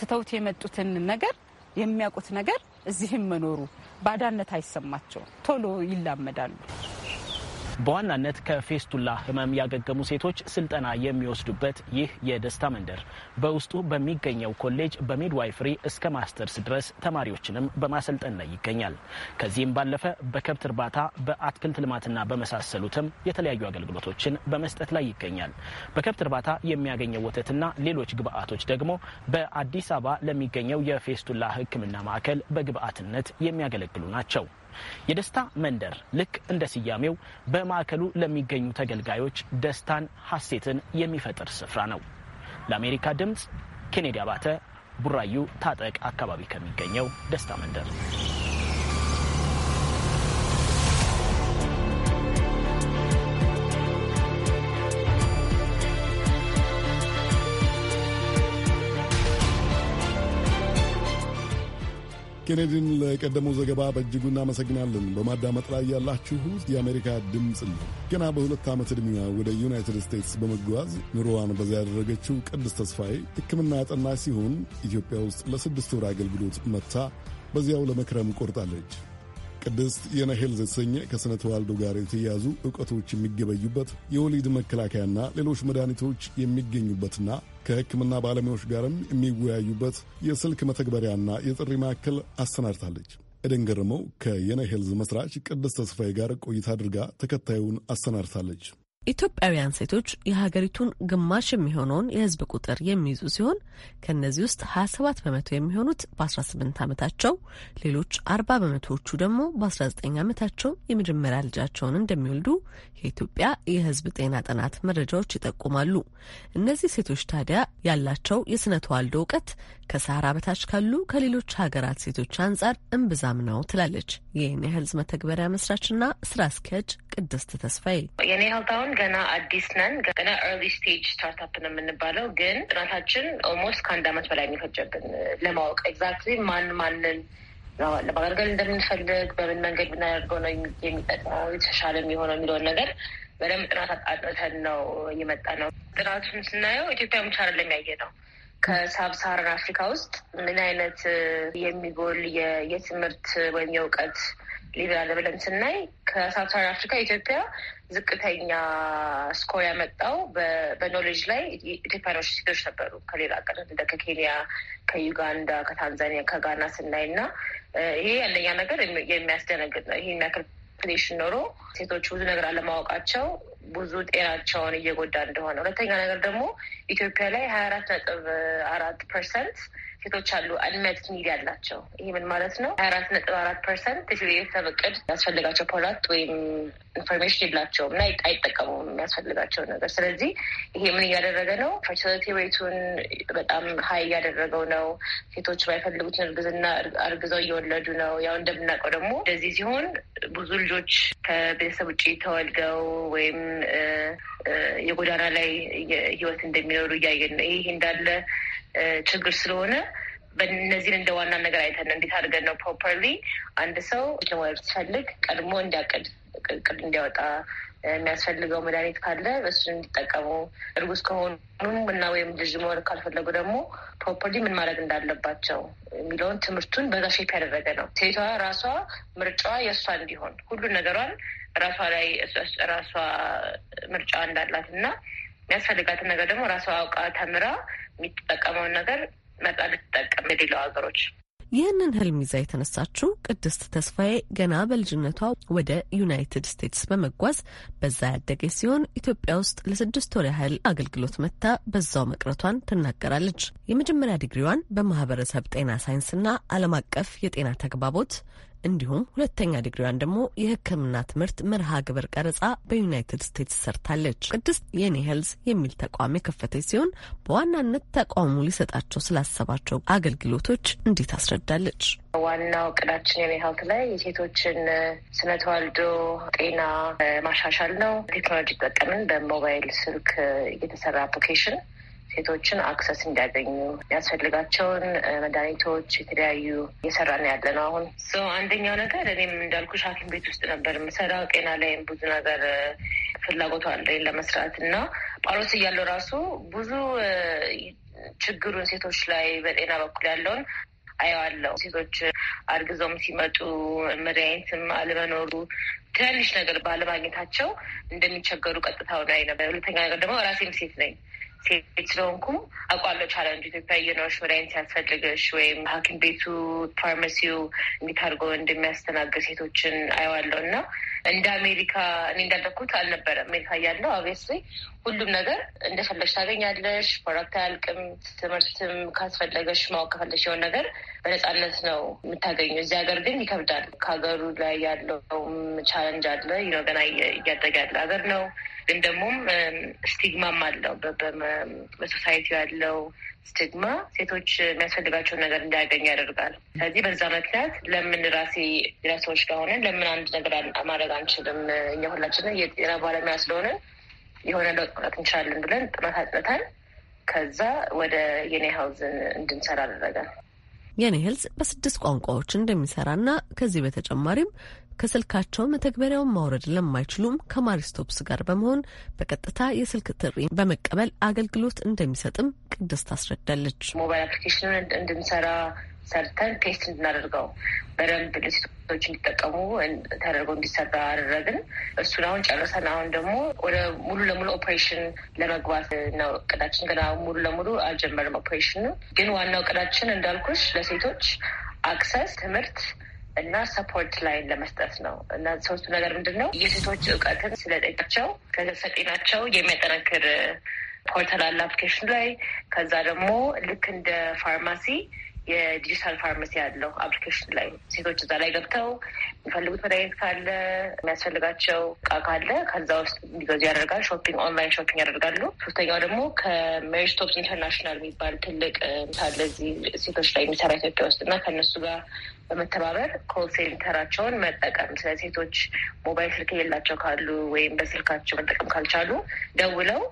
ትተውት የመጡትን ነገር የሚያውቁት ነገር እዚህም መኖሩ ባዳነት አይሰማቸውም፣ ቶሎ ይላመዳሉ። በዋናነት ከፌስቱላ ህመም ያገገሙ ሴቶች ስልጠና የሚወስዱበት ይህ የደስታ መንደር በውስጡ በሚገኘው ኮሌጅ በሚድዋይፍሪ እስከ ማስተርስ ድረስ ተማሪዎችንም በማሰልጠን ላይ ይገኛል። ከዚህም ባለፈ በከብት እርባታ፣ በአትክልት ልማትና በመሳሰሉትም የተለያዩ አገልግሎቶችን በመስጠት ላይ ይገኛል። በከብት እርባታ የሚያገኘው ወተትና ሌሎች ግብአቶች ደግሞ በአዲስ አበባ ለሚገኘው የፌስቱላ ህክምና ማዕከል በግብአትነት የሚያገለግሉ ናቸው። የደስታ መንደር ልክ እንደ ስያሜው በማዕከሉ ለሚገኙ ተገልጋዮች ደስታን፣ ሐሴትን የሚፈጥር ስፍራ ነው። ለአሜሪካ ድምፅ ኬኔዲ አባተ ቡራዩ ታጠቅ አካባቢ ከሚገኘው ደስታ መንደር ኬኔዲን ለቀደመው ዘገባ በእጅጉ እናመሰግናለን። በማዳመጥ ላይ ያላችሁት የአሜሪካ ድምፅ ነው። ገና በሁለት ዓመት ዕድሜዋ ወደ ዩናይትድ ስቴትስ በመጓዝ ኑሮዋን በዛ ያደረገችው ቅድስት ተስፋዬ ሕክምና ያጠናች ሲሆን ኢትዮጵያ ውስጥ ለስድስት ወር አገልግሎት መጥታ በዚያው ለመክረም ቆርጣለች። ቅድስት የነሄል ዘሰኘ ከሥነ ተዋልዶ ጋር የተያያዙ ዕውቀቶች የሚገበዩበት የወሊድ መከላከያና ሌሎች መድኃኒቶች የሚገኙበትና ከሕክምና ባለሙያዎች ጋርም የሚወያዩበት የስልክ መተግበሪያና የጥሪ ማዕከል አሰናድታለች። ኤደን ገረመው ከየነ ሄልዝ መስራች ቅድስት ተስፋዬ ጋር ቆይታ አድርጋ ተከታዩን አሰናድታለች። ኢትዮጵያውያን ሴቶች የሀገሪቱን ግማሽ የሚሆነውን የህዝብ ቁጥር የሚይዙ ሲሆን ከእነዚህ ውስጥ 27 በመቶ የሚሆኑት በ18 ዓመታቸው፣ ሌሎች 40 በመቶዎቹ ደግሞ በ19 ዓመታቸው የመጀመሪያ ልጃቸውን እንደሚወልዱ የኢትዮጵያ የህዝብ ጤና ጥናት መረጃዎች ይጠቁማሉ። እነዚህ ሴቶች ታዲያ ያላቸው የስነ ተዋልዶ እውቀት ከሰሃራ በታች ካሉ ከሌሎች ሀገራት ሴቶች አንጻር እምብዛም ነው ትላለች የኔ ሄልዝ መተግበሪያ መስራችና ስራ አስኪያጅ ቅድስት ተስፋዬ። የኔ ሄልዝ አሁን ገና አዲስ ነን። ገና ኤርሊ ስቴጅ ስታርታፕ ነው የምንባለው። ግን ጥናታችን ኦልሞስት ከአንድ አመት በላይ የሚፈጀብን ለማወቅ ኤግዛክትሊ ማን ማንን ለማገልገል እንደምንፈልግ በምን መንገድ ብናደርገው ነው የሚጠቅመው የተሻለ የሚሆነው የሚለውን ነገር በደንብ ጥናት አጣጥተን ነው እየመጣ ነው። ጥናቱን ስናየው ኢትዮጵያ ብቻ አይደለም ያየ ነው ከሳብሳር አፍሪካ ውስጥ ምን አይነት የሚጎል የትምህርት ወይም የእውቀት ሊበላለ ብለን ስናይ ከሳብሳር አፍሪካ ኢትዮጵያ ዝቅተኛ ስኮር ያመጣው በኖሌጅ ላይ ኢትዮጵያኖች ሴቶች ነበሩ። ከሌላ ቀን እንደ ከኬንያ፣ ከዩጋንዳ፣ ከታንዛኒያ፣ ከጋና ስናይ እና ይሄ አንደኛ ነገር የሚያስደነግጥ ነው። ይሄ የሚያክል ፕሌሽን ኖሮ ሴቶች ብዙ ነገር አለማወቃቸው ብዙ ጤናቸውን እየጎዳ እንደሆነ፣ ሁለተኛ ነገር ደግሞ ኢትዮጵያ ላይ ሀያ አራት ነጥብ አራት ፐርሰንት ሴቶች አሉ አንሜት ኒድ ያላቸው። ይሄ ምን ማለት ነው? ሀያ አራት ነጥብ አራት ፐርሰንት የቤተሰብ እቅድ ያስፈልጋቸው ፕሮዳክት ወይም ኢንፎርሜሽን የላቸውም እና አይጠቀሙም የሚያስፈልጋቸው ነገር። ስለዚህ ይሄ ምን እያደረገ ነው? ፈርቲሊቲ ሬቱን በጣም ሀይ እያደረገው ነው። ሴቶች ባይፈልጉትን እርግዝና አርግዘው እየወለዱ ነው። ያው እንደምናውቀው ደግሞ እንደዚህ ሲሆን ብዙ ልጆች ከቤተሰብ ውጭ ተወልደው ወይም የጎዳና ላይ ህይወት እንደሚኖሩ እያየን ነው። ይህ እንዳለ ችግር ስለሆነ በእነዚህን እንደ ዋና ነገር አይተን እንዴት አድርገን ነው ፕሮፐርሊ አንድ ሰው ለመውለድ ሲፈልግ ቀድሞ እንዲያቅድ ቅድ እንዲያወጣ የሚያስፈልገው መድኃኒት ካለ እሱን እንዲጠቀሙ፣ እርጉዝ ከሆኑም እና ወይም ልጅ መውለድ ካልፈለጉ ደግሞ ፕሮፐርሊ ምን ማድረግ እንዳለባቸው የሚለውን ትምህርቱን በዛ ሼፕ ያደረገ ነው። ሴቷ ራሷ ምርጫዋ የእሷ እንዲሆን ሁሉ ነገሯን ራሷ ላይ ራሷ ምርጫ እንዳላት እና የሚያስፈልጋትን ነገር ደግሞ ራሷ አውቃ ተምራ የሚጠቀመውን ነገር መጣ ልትጠቀም የሌለው ሀገሮች ይህንን ህልም ይዛ የተነሳችው ቅድስት ተስፋዬ ገና በልጅነቷ ወደ ዩናይትድ ስቴትስ በመጓዝ በዛ ያደገች ሲሆን ኢትዮጵያ ውስጥ ለስድስት ወር ያህል አገልግሎት መታ በዛው መቅረቷን ትናገራለች። የመጀመሪያ ዲግሪዋን በማህበረሰብ ጤና ሳይንስና ዓለም አቀፍ የጤና ተግባቦት እንዲሁም ሁለተኛ ዲግሪዋን ደግሞ የሕክምና ትምህርት መርሃ ግብር ቀረጻ በዩናይትድ ስቴትስ ሰርታለች። ቅድስት የኔ ሄልዝ የሚል ተቋም የከፈተች ሲሆን በዋናነት ተቋሙ ሊሰጣቸው ስላሰባቸው አገልግሎቶች እንዴት አስረዳለች። ዋናው እቅዳችን የኔ ሄልት ላይ የሴቶችን ስነ ተዋልዶ ጤና ማሻሻል ነው። ቴክኖሎጂ ጠቀምን በሞባይል ስልክ የተሰራ አፕሊኬሽን ሴቶችን አክሰስ እንዲያገኙ ያስፈልጋቸውን መድኃኒቶች የተለያዩ እየሰራ ነው ያለ ነው። አሁን አንደኛው ነገር እኔም እንዳልኩሽ ሐኪም ቤት ውስጥ ነበር የምሰራው። ጤና ላይም ብዙ ነገር ፍላጎቱ አለኝ ለመስራት እና ጳውሎስ እያለው ራሱ ብዙ ችግሩን ሴቶች ላይ በጤና በኩል ያለውን አየዋለው። ሴቶች አርግዘውም ሲመጡ መድኃኒትም አለመኖሩ ትንሽ ነገር ባለማግኘታቸው እንደሚቸገሩ ቀጥታው ላይ ነበር። ሁለተኛ ነገር ደግሞ ራሴም ሴት ነኝ ሴት ስለሆንኩ አውቃለሁ። ቻለንጅ ኢትዮጵያ እየኖርሽ መድኃኒት ያስፈልግሽ ወይም ሐኪም ቤቱ ፋርማሲው እንዴት አድርጎ እንደሚያስተናግድ ሴቶችን አየዋለሁ እና እንደ አሜሪካ እኔ እንዳለኩት አልነበረ አሜሪካ እያለሁ አብስሊ ሁሉም ነገር እንደፈለግሽ ታገኛለሽ። ፕሮዳክት አያልቅም። ትምህርትም ካስፈለገሽ ማወቅ ከፈለግሽ የሆነ ነገር በነፃነት ነው የምታገኙ። እዚህ ሀገር ግን ይከብዳል። ከሀገሩ ላይ ያለውም ቻለንጅ አለ። ገና እያደገ ያለ ሀገር ነው። ግን ደግሞ ስቲግማም አለው። በሶሳይቲ ያለው ስቲግማ ሴቶች የሚያስፈልጋቸውን ነገር እንዳያገኝ ያደርጋል። ስለዚህ በዛ ምክንያት ለምን ራሴ ሌላ ሰዎች ለምን አንድ ነገር ማድረግ አንችልም? እኛ ሁላችንም የጤና ባለሙያ ስለሆነ የሆነ ለውጥ መጣት እንችላለን ብለን ጥናት አጥነታል። ከዛ ወደ የኔ ሀውዝን እንድንሰራ አደረገ። የኔ ህልጽ በስድስት ቋንቋዎች እንደሚሰራና ከዚህ በተጨማሪም ከስልካቸው መተግበሪያውን ማውረድ ለማይችሉም ከማሪስቶፕስ ጋር በመሆን በቀጥታ የስልክ ጥሪ በመቀበል አገልግሎት እንደሚሰጥም ቅድስት ታስረዳለች። ሞባይል አፕሊኬሽን እንድንሰራ ሰርተን ቴስት እንድናደርገው በደንብ ለሴቶች እንዲጠቀሙ ተደርገው እንዲሰራ አደረግን። እሱን አሁን ጨርሰን አሁን ደግሞ ወደ ሙሉ ለሙሉ ኦፕሬሽን ለመግባት ነው እቅዳችን። ገና ሙሉ ለሙሉ አልጀመርም ኦፕሬሽን ግን ዋናው እቅዳችን እንዳልኩሽ ለሴቶች አክሰስ ትምህርት እና ሰፖርት ላይ ለመስጠት ነው። እና ሶስቱ ነገር ምንድን ነው? የሴቶች እውቀትን ስለጤናቸው ስለጤናቸው የሚያጠናክር ፖርታል አለ አፕሊኬሽን ላይ። ከዛ ደግሞ ልክ እንደ ፋርማሲ የዲጂታል ፋርማሲ ያለው አፕሊኬሽን ላይ ሴቶች እዛ ላይ ገብተው የሚፈልጉት መድኃኒት ካለ የሚያስፈልጋቸው እቃ ካለ ከዛ ውስጥ እንዲገዙ ያደርጋል። ሾፒንግ ኦንላይን ሾፒንግ ያደርጋሉ። ሶስተኛው ደግሞ ከሜሪ ስቶፕስ ኢንተርናሽናል የሚባል ትልቅ ምሳለ እዚህ ሴቶች ላይ የሚሰራ ኢትዮጵያ ውስጥ እና ከእነሱ ጋር በመተባበር ኮል ሴንተራቸውን መጠቀም ስለ ሴቶች ሞባይል ስልክ የሌላቸው ካሉ ወይም በስልካቸው መጠቀም ካልቻሉ ደውለው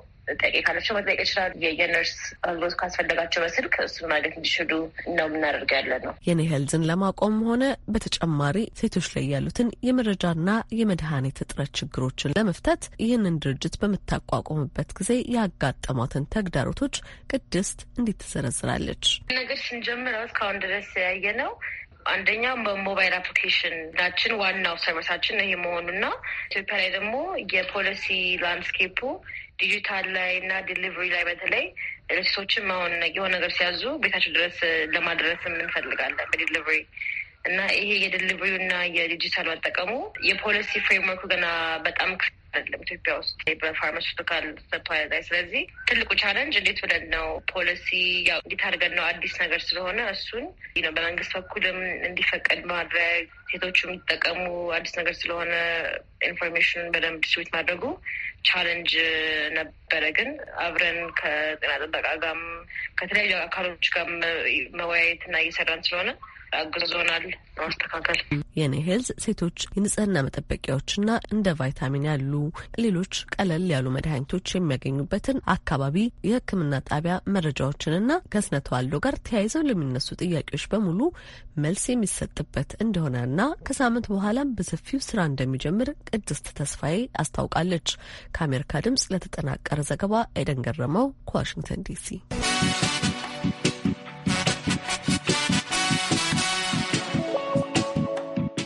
ጠቂ ካላቸው መጠየቅ ይችላል። የነርስ አገልግሎት ካስፈለጋቸው በስልክ እሱን ማግኘት እንዲችሉ ነው የምናደርግ ያለ ነው። የኔ ሄልዝን ለማቆም ሆነ በተጨማሪ ሴቶች ላይ ያሉትን የመረጃና የመድኃኒት እጥረት ችግሮችን ለመፍታት ይህንን ድርጅት በምታቋቋምበት ጊዜ ያጋጠሟትን ተግዳሮቶች ቅድስት እንዲት ትዘረዝራለች። ነገር ስንጀምረው እስካሁን ድረስ ያየ ነው አንደኛው በሞባይል አፕሊኬሽናችን ዋናው ሰርቨሳችን ይሄ መሆኑና ኢትዮጵያ ላይ ደግሞ የፖሊሲ ላንድስኬፑ ዲጂታል ላይ እና ዲሊቨሪ ላይ በተለይ ድርጅቶችም አሁን የሆነ ነገር ሲያዙ ቤታቸው ድረስ ለማድረስ እንፈልጋለን በዲሊቨሪ እና ይሄ የዲሊቨሪው እና የዲጂታል መጠቀሙ የፖሊሲ ፍሬምወርኩ ገና በጣም አይደለም ኢትዮጵያ ውስጥ በፋርማሲቲካል ሰፕላይ ላይ። ስለዚህ ትልቁ ቻለንጅ እንዴት ብለን ነው ፖሊሲ እንዴት አድርገን ነው አዲስ ነገር ስለሆነ እሱን ነው በመንግስት በኩልም እንዲፈቀድ ማድረግ ሴቶቹ የሚጠቀሙ አዲስ ነገር ስለሆነ ኢንፎርሜሽን በደንብ ዲስትሪት ማድረጉ ቻለንጅ ነበረ። ግን አብረን ከጤና ጥበቃ ጋርም ከተለያዩ አካሎች ጋር መወያየት እና እየሰራን ስለሆነ አግዞናል ማስተካከል። የኔ ሄልዝ ሴቶች የንጽህና መጠበቂያዎችና እንደ ቫይታሚን ያሉ ሌሎች ቀለል ያሉ መድኃኒቶች የሚያገኙበትን አካባቢ የሕክምና ጣቢያ መረጃዎችንና ከስነ ተዋልዶ ጋር ተያይዘው ለሚነሱ ጥያቄዎች በሙሉ መልስ የሚሰጥበት እንደሆነና ከሳምንት በኋላም በሰፊው ስራ እንደሚጀምር ቅድስት ተስፋዬ አስታውቃለች። ከአሜሪካ ድምጽ ለተጠናቀረ ዘገባ አይደን ገረመው ከዋሽንግተን ዲሲ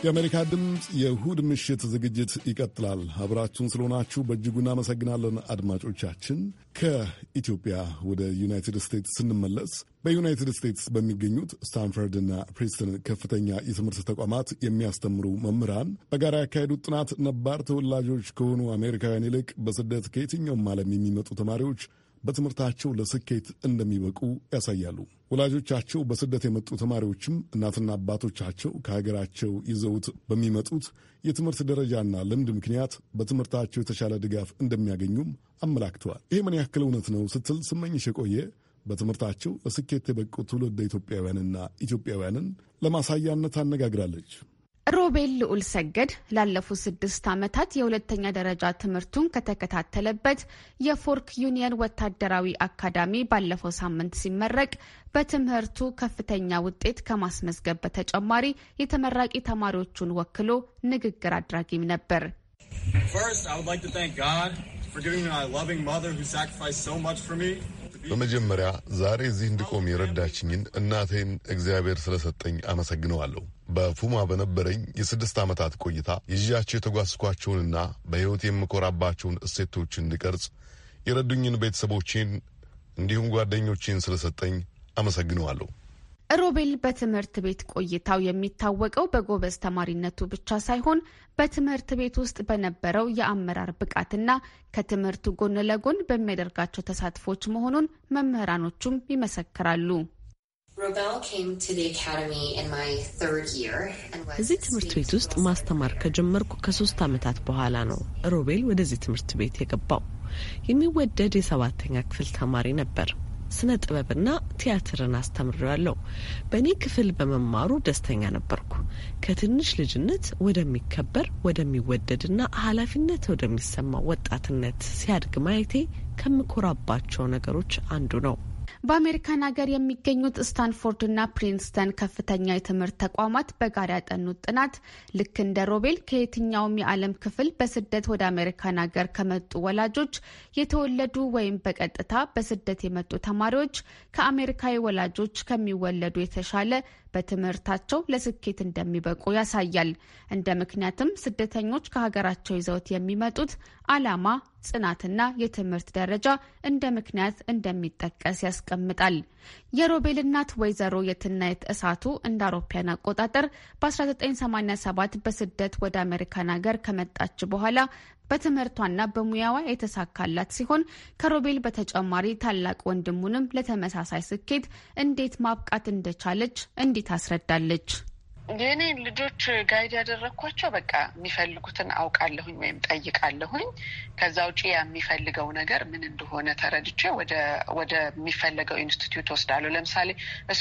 የአሜሪካ ድምፅ የእሁድ ምሽት ዝግጅት ይቀጥላል። አብራችሁን ስለሆናችሁ በእጅጉ እናመሰግናለን አድማጮቻችን። ከኢትዮጵያ ወደ ዩናይትድ ስቴትስ ስንመለስ በዩናይትድ ስቴትስ በሚገኙት ስታንፈርድ ና ፕሪስትን ከፍተኛ የትምህርት ተቋማት የሚያስተምሩ መምህራን በጋራ ያካሄዱት ጥናት ነባር ተወላጆች ከሆኑ አሜሪካውያን ይልቅ በስደት ከየትኛውም ዓለም የሚመጡ ተማሪዎች በትምህርታቸው ለስኬት እንደሚበቁ ያሳያሉ። ወላጆቻቸው በስደት የመጡ ተማሪዎችም እናትና አባቶቻቸው ከሀገራቸው ይዘውት በሚመጡት የትምህርት ደረጃና ልምድ ምክንያት በትምህርታቸው የተሻለ ድጋፍ እንደሚያገኙም አመላክተዋል። ይህ ምን ያክል እውነት ነው ስትል ስመኝሽ የቆየ በትምህርታቸው ለስኬት የበቁ ትውልደ ኢትዮጵያውያንና ኢትዮጵያውያንን ለማሳያነት አነጋግራለች። ሮቤል ልዑል ሰገድ ላለፉት ስድስት ዓመታት የሁለተኛ ደረጃ ትምህርቱን ከተከታተለበት የፎርክ ዩኒየን ወታደራዊ አካዳሚ ባለፈው ሳምንት ሲመረቅ በትምህርቱ ከፍተኛ ውጤት ከማስመዝገብ በተጨማሪ የተመራቂ ተማሪዎቹን ወክሎ ንግግር አድራጊም ነበር። በመጀመሪያ ዛሬ እዚህ እንድቆም የረዳችኝን እናቴን እግዚአብሔር ስለሰጠኝ አመሰግነዋለሁ። በፉማ በነበረኝ የስድስት ዓመታት ቆይታ ይዣቸው የተጓዝኳቸውንና በሕይወት የምኮራባቸውን እሴቶች እንድቀርጽ የረዱኝን ቤተሰቦቼን እንዲሁም ጓደኞቼን ስለሰጠኝ አመሰግነዋለሁ። ሮቤል በትምህርት ቤት ቆይታው የሚታወቀው በጎበዝ ተማሪነቱ ብቻ ሳይሆን በትምህርት ቤት ውስጥ በነበረው የአመራር ብቃትና ከትምህርቱ ጎን ለጎን በሚያደርጋቸው ተሳትፎች መሆኑን መምህራኖቹም ይመሰክራሉ። እዚህ ትምህርት ቤት ውስጥ ማስተማር ከጀመርኩ ከሶስት ዓመታት በኋላ ነው ሮቤል ወደዚህ ትምህርት ቤት የገባው። የሚወደድ የሰባተኛ ክፍል ተማሪ ነበር። ስነ ጥበብና ቲያትርን ያለው በእኔ ክፍል በመማሩ ደስተኛ ነበርኩ። ከትንሽ ልጅነት ወደሚከበር ወደሚወደድና ኃላፊነት ወደሚሰማው ወጣትነት ሲያድግ ማየቴ ከምኮራባቸው ነገሮች አንዱ ነው። በአሜሪካን ሀገር የሚገኙት ና ፕሪንስተን ከፍተኛ የትምህርት ተቋማት በጋራ ያጠኑት ጥናት ልክ እንደ ሮቤል ከየትኛውም የዓለም ክፍል በስደት ወደ አሜሪካን ሀገር ከመጡ ወላጆች የተወለዱ ወይም በቀጥታ በስደት የመጡ ተማሪዎች ከአሜሪካዊ ወላጆች ከሚወለዱ የተሻለ በትምህርታቸው ለስኬት እንደሚበቁ ያሳያል። እንደ ምክንያትም ስደተኞች ከሀገራቸው ይዘውት የሚመጡት ዓላማ፣ ጽናትና የትምህርት ደረጃ እንደ ምክንያት እንደሚጠቀስ ያስቀምጣል። የሮቤል እናት ወይዘሮ የትናየት እሳቱ እንደ አውሮፓያን አቆጣጠር በ1987 በስደት ወደ አሜሪካን ሀገር ከመጣች በኋላ በትምህርቷና በሙያዋ የተሳካላት ሲሆን ከሮቤል በተጨማሪ ታላቅ ወንድሙንም ለተመሳሳይ ስኬት እንዴት ማብቃት እንደቻለች እንዲት አስረዳለች የእኔ ልጆች ጋይድ ያደረግኳቸው በቃ የሚፈልጉትን አውቃለሁኝ ወይም ጠይቃለሁኝ። ከዛ ውጭ የሚፈልገው ነገር ምን እንደሆነ ተረድቼ ወደ የሚፈለገው ኢንስቲትዩት ወስዳለሁ። ለምሳሌ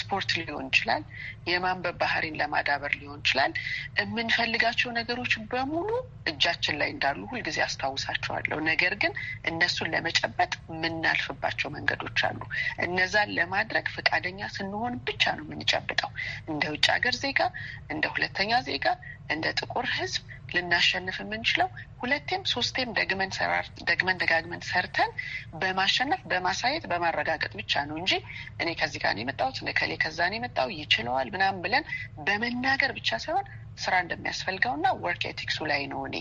ስፖርት ሊሆን ይችላል፣ የማንበብ ባህሪን ለማዳበር ሊሆን ይችላል። የምንፈልጋቸው ነገሮች በሙሉ እጃችን ላይ እንዳሉ ሁልጊዜ አስታውሳቸዋለሁ። ነገር ግን እነሱን ለመጨበጥ የምናልፍባቸው መንገዶች አሉ። እነዛን ለማድረግ ፈቃደኛ ስንሆን ብቻ ነው የምንጨብጠው እንደ ውጭ ሀገር ዜጋ እንደ ሁለተኛ ዜጋ እንደ ጥቁር ህዝብ ልናሸንፍ የምንችለው ሁለቴም ሶስቴም ደግመን ደግመን ደጋግመን ሰርተን በማሸነፍ በማሳየት በማረጋገጥ ብቻ ነው እንጂ እኔ ከዚህ ጋር ነው የመጣሁት ከሌ ከዛ ነው የመጣው ይችለዋል ምናምን ብለን በመናገር ብቻ ሳይሆን ስራ እንደሚያስፈልገው እና ወርክ ኤቲክሱ ላይ ነው። እኔ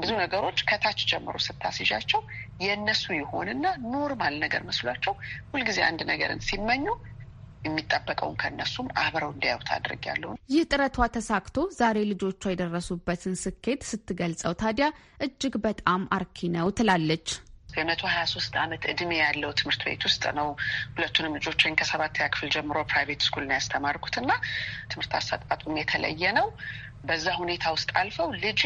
ብዙ ነገሮች ከታች ጀምሮ ስታስይዣቸው የእነሱ የሆንና ኖርማል ነገር መስሏቸው ሁልጊዜ አንድ ነገርን ሲመኙ የሚጠበቀውን ከነሱም አብረው እንዲያዩት አድርጊያለሁ። ይህ ጥረቷ ተሳክቶ ዛሬ ልጆቿ የደረሱበትን ስኬት ስትገልጸው ታዲያ እጅግ በጣም አርኪ ነው ትላለች። የመቶ ሀያ ሶስት አመት እድሜ ያለው ትምህርት ቤት ውስጥ ነው ሁለቱንም ልጆችን ከሰባት ክፍል ጀምሮ ፕራይቬት ስኩል ነው ያስተማርኩት እና ትምህርት አሰጣጡም የተለየ ነው። በዛ ሁኔታ ውስጥ አልፈው ልጄ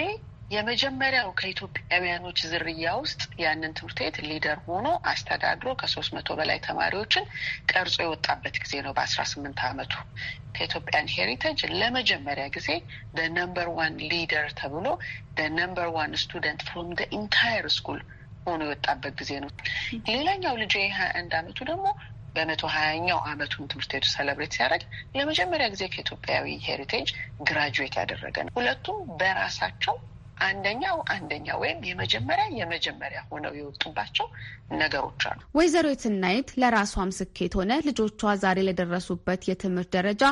የመጀመሪያው ከኢትዮጵያውያኖች ዝርያ ውስጥ ያንን ትምህርት ቤት ሊደር ሆኖ አስተዳድሮ ከሶስት መቶ በላይ ተማሪዎችን ቀርጾ የወጣበት ጊዜ ነው። በአስራ ስምንት አመቱ ከኢትዮጵያን ሄሪቴጅ ለመጀመሪያ ጊዜ ነምበር ዋን ሊደር ተብሎ ነምበር ዋን ስቱደንት ፍሮም ኢንታየር ስኩል ሆኖ የወጣበት ጊዜ ነው። ሌላኛው ልጅ የሀያ አንድ አመቱ ደግሞ በመቶ ሀያኛው አመቱን ትምህርት ቤቱ ሰለብሬት ሲያደርግ ለመጀመሪያ ጊዜ ከኢትዮጵያዊ ሄሪቴጅ ግራጁዌት ያደረገ ነው። ሁለቱም በራሳቸው አንደኛው አንደኛ ወይም የመጀመሪያ የመጀመሪያ ሆነው የወጡባቸው ነገሮች አሉ። ወይዘሮ የትናየት ለራሷም ስኬት ሆነ ልጆቿ ዛሬ ለደረሱበት የትምህርት ደረጃ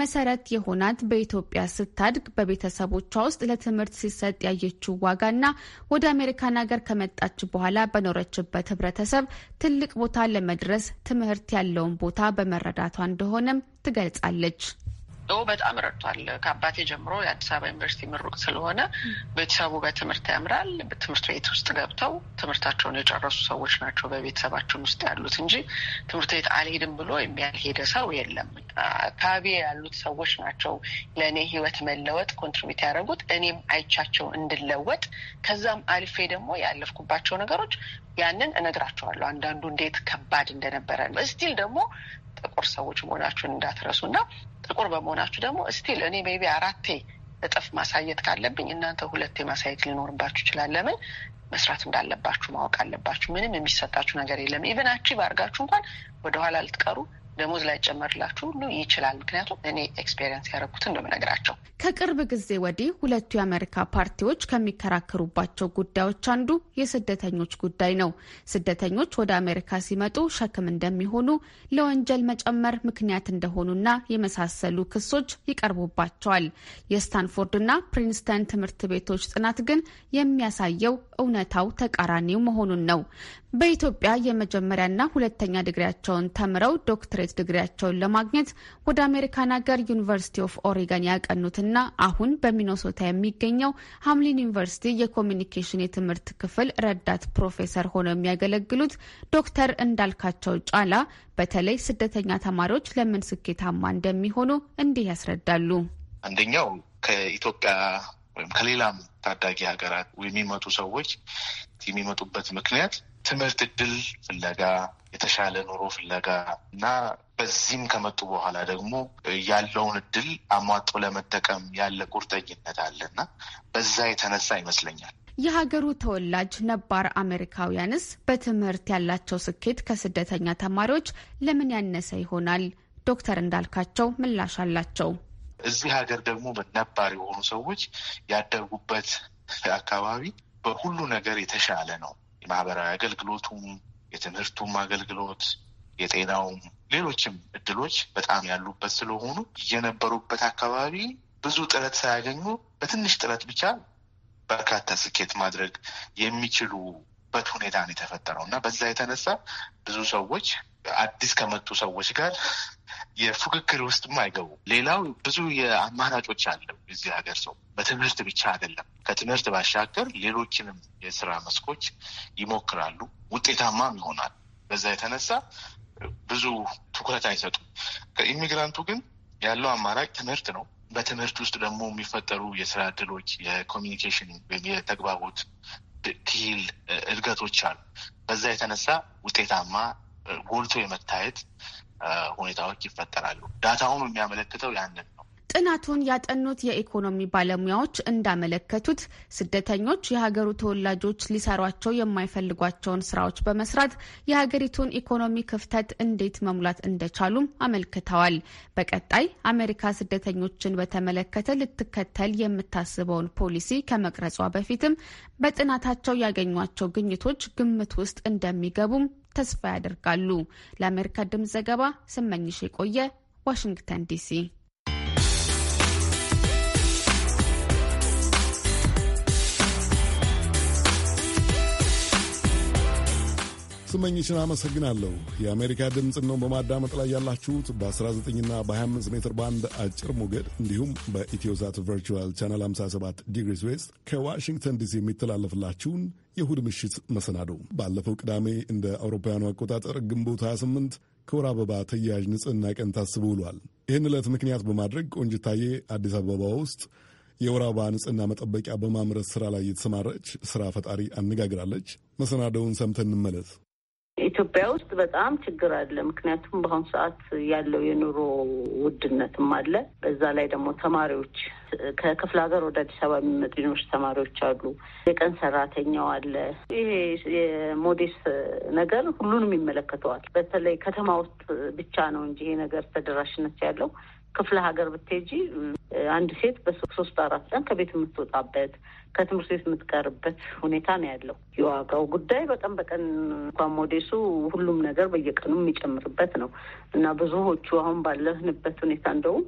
መሰረት የሆናት በኢትዮጵያ ስታድግ በቤተሰቦቿ ውስጥ ለትምህርት ሲሰጥ ያየችው ዋጋና ወደ አሜሪካን ሀገር ከመጣች በኋላ በኖረችበት ህብረተሰብ ትልቅ ቦታ ለመድረስ ትምህርት ያለውን ቦታ በመረዳቷ እንደሆነም ትገልጻለች። በጣም ረድቷል። ከአባቴ ጀምሮ የአዲስ አበባ ዩኒቨርሲቲ ምሩቅ ስለሆነ ቤተሰቡ በትምህርት ያምራል። ትምህርት ቤት ውስጥ ገብተው ትምህርታቸውን የጨረሱ ሰዎች ናቸው በቤተሰባችን ውስጥ ያሉት እንጂ ትምህርት ቤት አልሄድም ብሎ የሚያልሄደ ሰው የለም። አካባቢ ያሉት ሰዎች ናቸው ለእኔ ህይወት መለወጥ ኮንትሪቢዩት ያደረጉት እኔም አይቻቸው እንድለወጥ ከዛም አልፌ ደግሞ ያለፍኩባቸው ነገሮች ያንን እነግራቸዋለሁ። አንዳንዱ እንዴት ከባድ እንደነበረ ስቲል ደግሞ ጥቁር ሰዎች መሆናችሁን እንዳትረሱ እና ጥቁር በመሆናችሁ ደግሞ ስቲል እኔ ሜይ ቢ አራቴ እጥፍ ማሳየት ካለብኝ እናንተ ሁለቴ ማሳየት ሊኖርባችሁ ይችላል። ለምን መስራት እንዳለባችሁ ማወቅ አለባችሁ። ምንም የሚሰጣችሁ ነገር የለም። ኢቨን አቺቭ አድርጋችሁ እንኳን ወደኋላ ልትቀሩ ደሞዝ ላይ ጨመርላችሁ ሁሉ ይችላል። ምክንያቱም እኔ ኤክስፔሪንስ ያደረኩትን እንደምነግራቸው ከቅርብ ጊዜ ወዲህ ሁለቱ የአሜሪካ ፓርቲዎች ከሚከራከሩባቸው ጉዳዮች አንዱ የስደተኞች ጉዳይ ነው። ስደተኞች ወደ አሜሪካ ሲመጡ ሸክም እንደሚሆኑ፣ ለወንጀል መጨመር ምክንያት እንደሆኑና የመሳሰሉ ክሶች ይቀርቡባቸዋል። የስታንፎርድና ፕሪንስተን ትምህርት ቤቶች ጥናት ግን የሚያሳየው እውነታው ተቃራኒው መሆኑን ነው። በኢትዮጵያ የመጀመሪያና ሁለተኛ ድግሪያቸውን ተምረው ዶክትሬት ድግሪያቸውን ለማግኘት ወደ አሜሪካን ሀገር ዩኒቨርሲቲ ኦፍ ኦሬገን ያቀኑትና አሁን በሚኖሶታ የሚገኘው ሀምሊን ዩኒቨርሲቲ የኮሚኒኬሽን የትምህርት ክፍል ረዳት ፕሮፌሰር ሆነው የሚያገለግሉት ዶክተር እንዳልካቸው ጫላ በተለይ ስደተኛ ተማሪዎች ለምን ስኬታማ እንደሚሆኑ እንዲህ ያስረዳሉ። አንደኛው ከኢትዮጵያ ወይም ከሌላም ታዳጊ ሀገራት የሚመጡ ሰዎች የሚመጡበት ምክንያት ትምህርት እድል ፍለጋ፣ የተሻለ ኑሮ ፍለጋ እና በዚህም ከመጡ በኋላ ደግሞ ያለውን እድል አሟጦ ለመጠቀም ያለ ቁርጠኝነት አለና በዛ የተነሳ ይመስለኛል። የሀገሩ ተወላጅ ነባር አሜሪካውያንስ በትምህርት ያላቸው ስኬት ከስደተኛ ተማሪዎች ለምን ያነሰ ይሆናል? ዶክተር እንዳልካቸው ምላሽ አላቸው። እዚህ ሀገር ደግሞ ነባር የሆኑ ሰዎች ያደጉበት አካባቢ በሁሉ ነገር የተሻለ ነው። የማህበራዊ አገልግሎቱም፣ የትምህርቱም አገልግሎት፣ የጤናውም፣ ሌሎችም እድሎች በጣም ያሉበት ስለሆኑ የነበሩበት አካባቢ ብዙ ጥረት ሳያገኙ በትንሽ ጥረት ብቻ በርካታ ስኬት ማድረግ የሚችሉበት ሁኔታ ነው የተፈጠረው እና በዛ የተነሳ ብዙ ሰዎች አዲስ ከመጡ ሰዎች ጋር የፉክክር ውስጥም አይገቡ። ሌላው ብዙ የአማራጮች አለው እዚህ ሀገር ሰው በትምህርት ብቻ አይደለም። ከትምህርት ባሻገር ሌሎችንም የስራ መስኮች ይሞክራሉ፣ ውጤታማም ይሆናል። በዛ የተነሳ ብዙ ትኩረት አይሰጡም። ከኢሚግራንቱ ግን ያለው አማራጭ ትምህርት ነው። በትምህርት ውስጥ ደግሞ የሚፈጠሩ የስራ እድሎች፣ የኮሚኒኬሽን ወይም የተግባቦት ክሂል እድገቶች አሉ። በዛ የተነሳ ውጤታማ ጎልቶ የመታየት ሁኔታዎች ይፈጠራሉ። ዳታውም የሚያመለክተው ያንን ነው። ጥናቱን ያጠኑት የኢኮኖሚ ባለሙያዎች እንዳመለከቱት ስደተኞች የሀገሩ ተወላጆች ሊሰሯቸው የማይፈልጓቸውን ስራዎች በመስራት የሀገሪቱን ኢኮኖሚ ክፍተት እንዴት መሙላት እንደቻሉም አመልክተዋል። በቀጣይ አሜሪካ ስደተኞችን በተመለከተ ልትከተል የምታስበውን ፖሊሲ ከመቅረጿ በፊትም በጥናታቸው ያገኟቸው ግኝቶች ግምት ውስጥ እንደሚገቡም ተስፋ ያደርጋሉ። ለአሜሪካ ድምፅ ዘገባ ስመኝሽ የቆየ ዋሽንግተን ዲሲ ስመኝችን አመሰግናለሁ። የአሜሪካ ድምፅ ነው በማዳመጥ ላይ ያላችሁት በ19ና በ25 ሜትር ባንድ አጭር ሞገድ እንዲሁም በኢትዮሳት ቨርቹዋል ቻናል 57 ዲግሪስ ዌስት ከዋሽንግተን ዲሲ የሚተላለፍላችሁን የእሁድ ምሽት መሰናዶ ባለፈው ቅዳሜ እንደ አውሮፓውያኑ አቆጣጠር ግንቦት 28 ከወር አበባ ተያያዥ ንጽህና ቀን ታስቦ ውሏል። ይህን ዕለት ምክንያት በማድረግ ቆንጅታዬ አዲስ አበባ ውስጥ የወር አበባ ንጽህና መጠበቂያ በማምረት ስራ ላይ የተሰማረች ስራ ፈጣሪ አነጋግራለች። መሰናደውን ሰምተን እንመለስ። ኢትዮጵያ ውስጥ በጣም ችግር አለ። ምክንያቱም በአሁኑ ሰዓት ያለው የኑሮ ውድነትም አለ። በዛ ላይ ደግሞ ተማሪዎች ከክፍለ ሀገር ወደ አዲስ አበባ የሚመጡ ዩኒቨርስቲ ተማሪዎች አሉ። የቀን ሰራተኛው አለ። ይሄ የሞዴስ ነገር ሁሉንም ይመለከተዋል። በተለይ ከተማ ውስጥ ብቻ ነው እንጂ ይሄ ነገር ተደራሽነት ያለው ክፍለ ሀገር ብትሄጂ አንድ ሴት በሶስት አራት ቀን ከቤት የምትወጣበት ከትምህርት ቤት የምትቀርበት ሁኔታ ነው ያለው። የዋጋው ጉዳይ በቀን በቀን እንኳን ሞዴሱ ሁሉም ነገር በየቀኑ የሚጨምርበት ነው እና ብዙዎቹ አሁን ባለንበት ሁኔታ እንደውም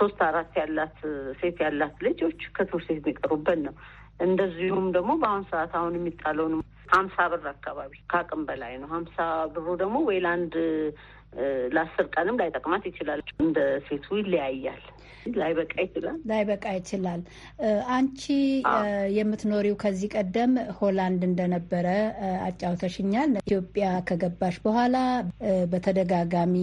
ሶስት አራት ያላት ሴት ያላት ልጆች ከትምህርት ቤት የሚቀሩበት ነው። እንደዚሁም ደግሞ በአሁኑ ሰዓት አሁን የሚጣለውን ሀምሳ ብር አካባቢ ከአቅም በላይ ነው። ሀምሳ ብሩ ደግሞ ወይ ለአንድ ለአስር ቀንም ላይጠቅማት ይችላል። እንደ ሴቱ ይለያያል። ላይበቃ ይችላል፣ ላይበቃ ይችላል። አንቺ የምትኖሪው ከዚህ ቀደም ሆላንድ እንደነበረ አጫውተሽኛል። ኢትዮጵያ ከገባሽ በኋላ በተደጋጋሚ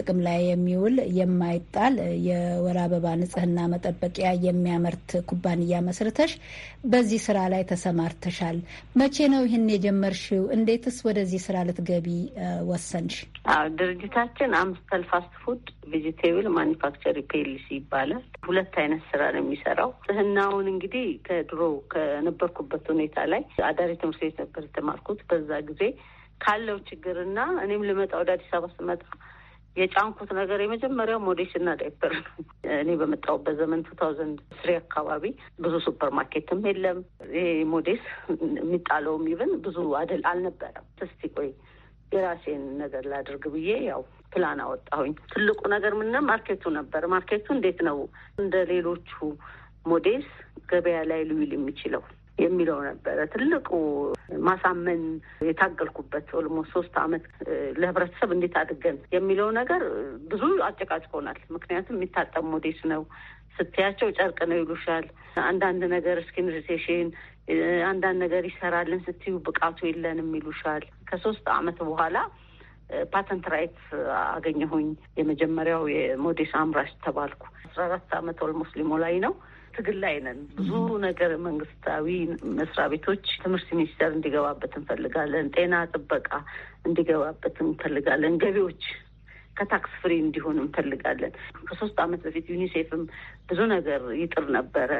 ጥቅም ላይ የሚውል የማይጣል የወር አበባ ንጽህና መጠበቂያ የሚያመርት ኩባንያ መስርተሽ በዚህ ስራ ላይ ተሰማርተሻል። መቼ ነው ይህን የጀመርሽው? እንዴትስ ወደዚህ ስራ ልትገቢ ወሰንሽ? ድርጅታችን አምስተል ፋስት ፉድ ቬጂቴብል ማኒፋክቸሪ ፔልሲ ይባላል። ሁለት አይነት ስራ ነው የሚሰራው። ጽህናውን እንግዲህ ከድሮ ከነበርኩበት ሁኔታ ላይ አዳሪ ትምህርት ቤት ነበር የተማርኩት። በዛ ጊዜ ካለው ችግርና እኔም ልመጣ ወደ አዲስ አበባ ስመጣ የጫንኩት ነገር የመጀመሪያው ሞዴስና ዳይፐር ነው። እኔ በመጣሁበት ዘመን ቱ ታውዘንድ ስሪ አካባቢ ብዙ ሱፐር ማርኬትም የለም። ይሄ ሞዴስ የሚጣለውም ይብን ብዙ አደል አልነበረም። እስቲ ቆይ የራሴን ነገር ላድርግ ብዬ ያው ፕላን አወጣሁኝ። ትልቁ ነገር ምንድነው ማርኬቱ ነበር። ማርኬቱ እንዴት ነው እንደ ሌሎቹ ሞዴስ ገበያ ላይ ልውል የሚችለው የሚለው ነበረ ትልቁ ማሳመን የታገልኩበት ኦልሞስት ሶስት አመት ለህብረተሰብ እንዴት አድገን የሚለው ነገር ብዙ አጨቃጭቆናል። ምክንያቱም የሚታጠብ ሞዴስ ነው ስትያቸው ጨርቅ ነው ይሉሻል። አንዳንድ ነገር ስኪን ሪሴሽን አንዳንድ ነገር ይሰራልን ስትዩ ብቃቱ የለንም ይሉሻል። ከሶስት አመት በኋላ ፓተንት ራይት አገኘሁኝ። የመጀመሪያው የሞዴስ አምራች ተባልኩ። አስራ አራት አመት ኦልሞስት ሊሞላኝ ነው። ትግል ላይ ነን። ብዙ ነገር መንግስታዊ መስሪያ ቤቶች ትምህርት ሚኒስቴር እንዲገባበት እንፈልጋለን። ጤና ጥበቃ እንዲገባበት እንፈልጋለን። ገቢዎች ከታክስ ፍሪ እንዲሆኑ እንፈልጋለን። ከሶስት አመት በፊት ዩኒሴፍም ብዙ ነገር ይጥር ነበረ።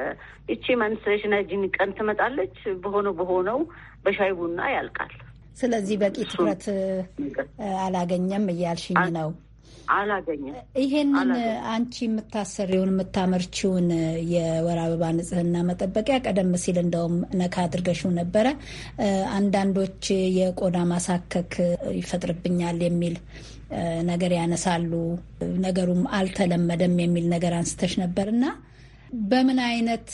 ይቺ መንስትሬሽን ጂን ቀን ትመጣለች በሆነ በሆነው በሻይ ቡና ያልቃል። ስለዚህ በቂ ትኩረት አላገኘም እያልሽኝ ነው? አላገኘም። ይሄንን አንቺ የምታሰሪውን የምታመርችውን የወር አበባ ንጽህና መጠበቂያ ቀደም ሲል እንደውም ነካ አድርገሽው ነበረ። አንዳንዶች የቆዳ ማሳከክ ይፈጥርብኛል የሚል ነገር ያነሳሉ፣ ነገሩም አልተለመደም የሚል ነገር አንስተሽ ነበር እና በምን አይነት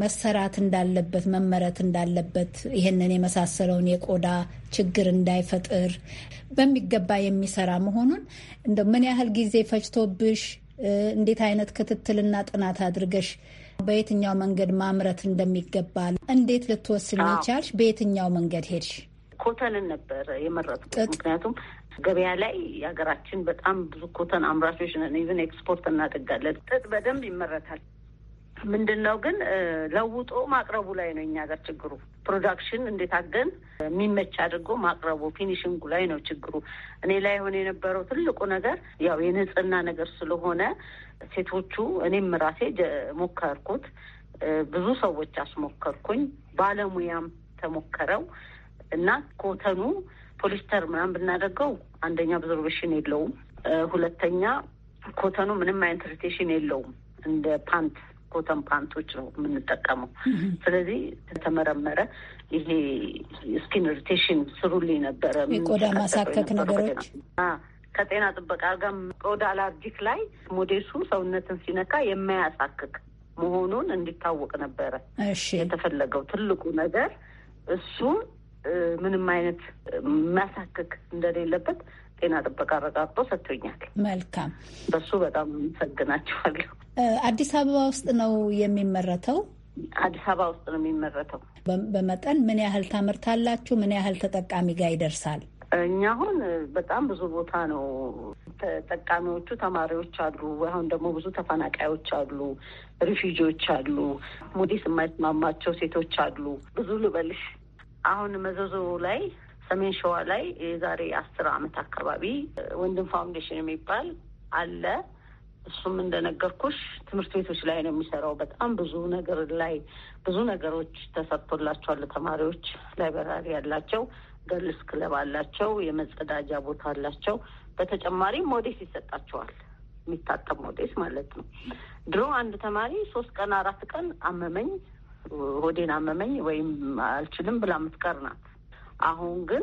መሰራት እንዳለበት መመረት እንዳለበት ይህንን የመሳሰለውን የቆዳ ችግር እንዳይፈጥር በሚገባ የሚሰራ መሆኑን እንደ ምን ያህል ጊዜ ፈጅቶብሽ እንዴት አይነት ክትትልና ጥናት አድርገሽ በየትኛው መንገድ ማምረት እንደሚገባ እንዴት ልትወስን ይቻልሽ? በየትኛው መንገድ ሄድሽ? ኮተንን ነበር የመረጥኩት። ምክንያቱም ገበያ ላይ የሀገራችን በጣም ብዙ ኮተን አምራቾች ነን። ኢቨን ኤክስፖርት እናደርጋለን። ጥጥ በደንብ ይመረታል። ምንድን ነው ግን ለውጦ ማቅረቡ ላይ ነው እኛ ጋር ችግሩ። ፕሮዳክሽን እንዴት አድርገን የሚመች አድርጎ ማቅረቡ ፊኒሽንጉ ላይ ነው ችግሩ። እኔ ላይ የሆነ የነበረው ትልቁ ነገር ያው የንጽህና ነገር ስለሆነ ሴቶቹ እኔም ራሴ ሞከርኩት፣ ብዙ ሰዎች አስሞከርኩኝ፣ ባለሙያም ተሞከረው እና ኮተኑ ፖሊስተር ምናምን ብናደርገው አንደኛ አብዞርቬሽን የለውም፣ ሁለተኛ ኮተኑ ምንም አይነት ሪቴሽን የለውም እንደ ፓንት ኮተን ፓንቶች ነው የምንጠቀመው። ስለዚህ ተመረመረ። ይሄ ስኪን ኢሪቴሽን ስሩልኝ ነበረ የቆዳ ማሳከክ ነገሮች ከጤና ጥበቃ ጋር ቆዳ አላርጂክ ላይ ሞዴሱ ሰውነትን ሲነካ የማያሳክክ መሆኑን እንዲታወቅ ነበረ የተፈለገው ትልቁ ነገር እሱም ምንም አይነት የሚያሳክክ እንደሌለበት ጤና ጥበቃ አረጋግጦ ሰጥቶኛል። መልካም፣ በሱ በጣም ሰግናችኋለሁ። አዲስ አበባ ውስጥ ነው የሚመረተው? አዲስ አበባ ውስጥ ነው የሚመረተው። በመጠን ምን ያህል ታመርታላችሁ? ምን ያህል ተጠቃሚ ጋር ይደርሳል? እኛ አሁን በጣም ብዙ ቦታ ነው ተጠቃሚዎቹ። ተማሪዎች አሉ፣ አሁን ደግሞ ብዙ ተፈናቃዮች አሉ፣ ሪፊጂዎች አሉ፣ ሙዲስ የማይስማማቸው ሴቶች አሉ። ብዙ ልበልሽ። አሁን መዘዞ ላይ ሰሜን ሸዋ ላይ የዛሬ አስር አመት አካባቢ ወንድም ፋውንዴሽን የሚባል አለ። እሱም እንደነገርኩሽ ትምህርት ቤቶች ላይ ነው የሚሰራው። በጣም ብዙ ነገር ላይ ብዙ ነገሮች ተሰጥቶላቸዋል። ተማሪዎች ላይብራሪ ያላቸው፣ ገርልስ ክለብ አላቸው፣ የመጸዳጃ ቦታ አላቸው። በተጨማሪም ሞዴስ ይሰጣቸዋል። የሚታጠብ ሞዴስ ማለት ነው። ድሮ አንድ ተማሪ ሶስት ቀን አራት ቀን አመመኝ፣ ሆዴን አመመኝ ወይም አልችልም ብላ የምትቀር ናት። አሁን ግን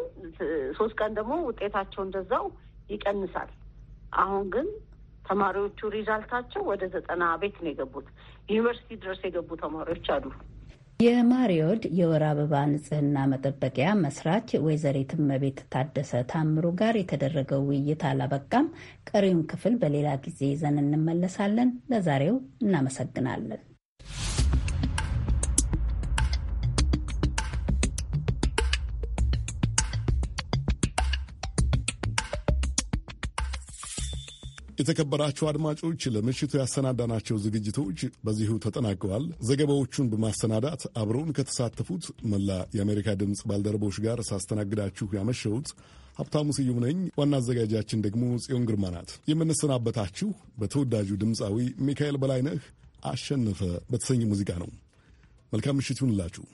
ሶስት ቀን ደግሞ ውጤታቸው እንደዛው ይቀንሳል። አሁን ግን ተማሪዎቹ ሪዛልታቸው ወደ ዘጠና ቤት ነው የገቡት። ዩኒቨርሲቲ ድረስ የገቡ ተማሪዎች አሉ። የማሪዮድ የወር አበባ ንጽህና መጠበቂያ መስራች ወይዘሪት እመቤት ታደሰ ታምሩ ጋር የተደረገው ውይይት አላበቃም። ቀሪውን ክፍል በሌላ ጊዜ ይዘን እንመለሳለን። ለዛሬው እናመሰግናለን። የተከበራችሁ አድማጮች ለምሽቱ ያሰናዳናቸው ዝግጅቶች በዚሁ ተጠናቀዋል። ዘገባዎቹን በማሰናዳት አብረውን ከተሳተፉት መላ የአሜሪካ ድምፅ ባልደረቦች ጋር ሳስተናግዳችሁ ያመሸሁት ሀብታሙ ስዩም ነኝ። ዋና አዘጋጃችን ደግሞ ጽዮን ግርማ ናት። የምንሰናበታችሁ በተወዳጁ ድምፃዊ ሚካኤል በላይነህ አሸነፈ በተሰኘ ሙዚቃ ነው። መልካም ምሽት ይሁንላችሁ።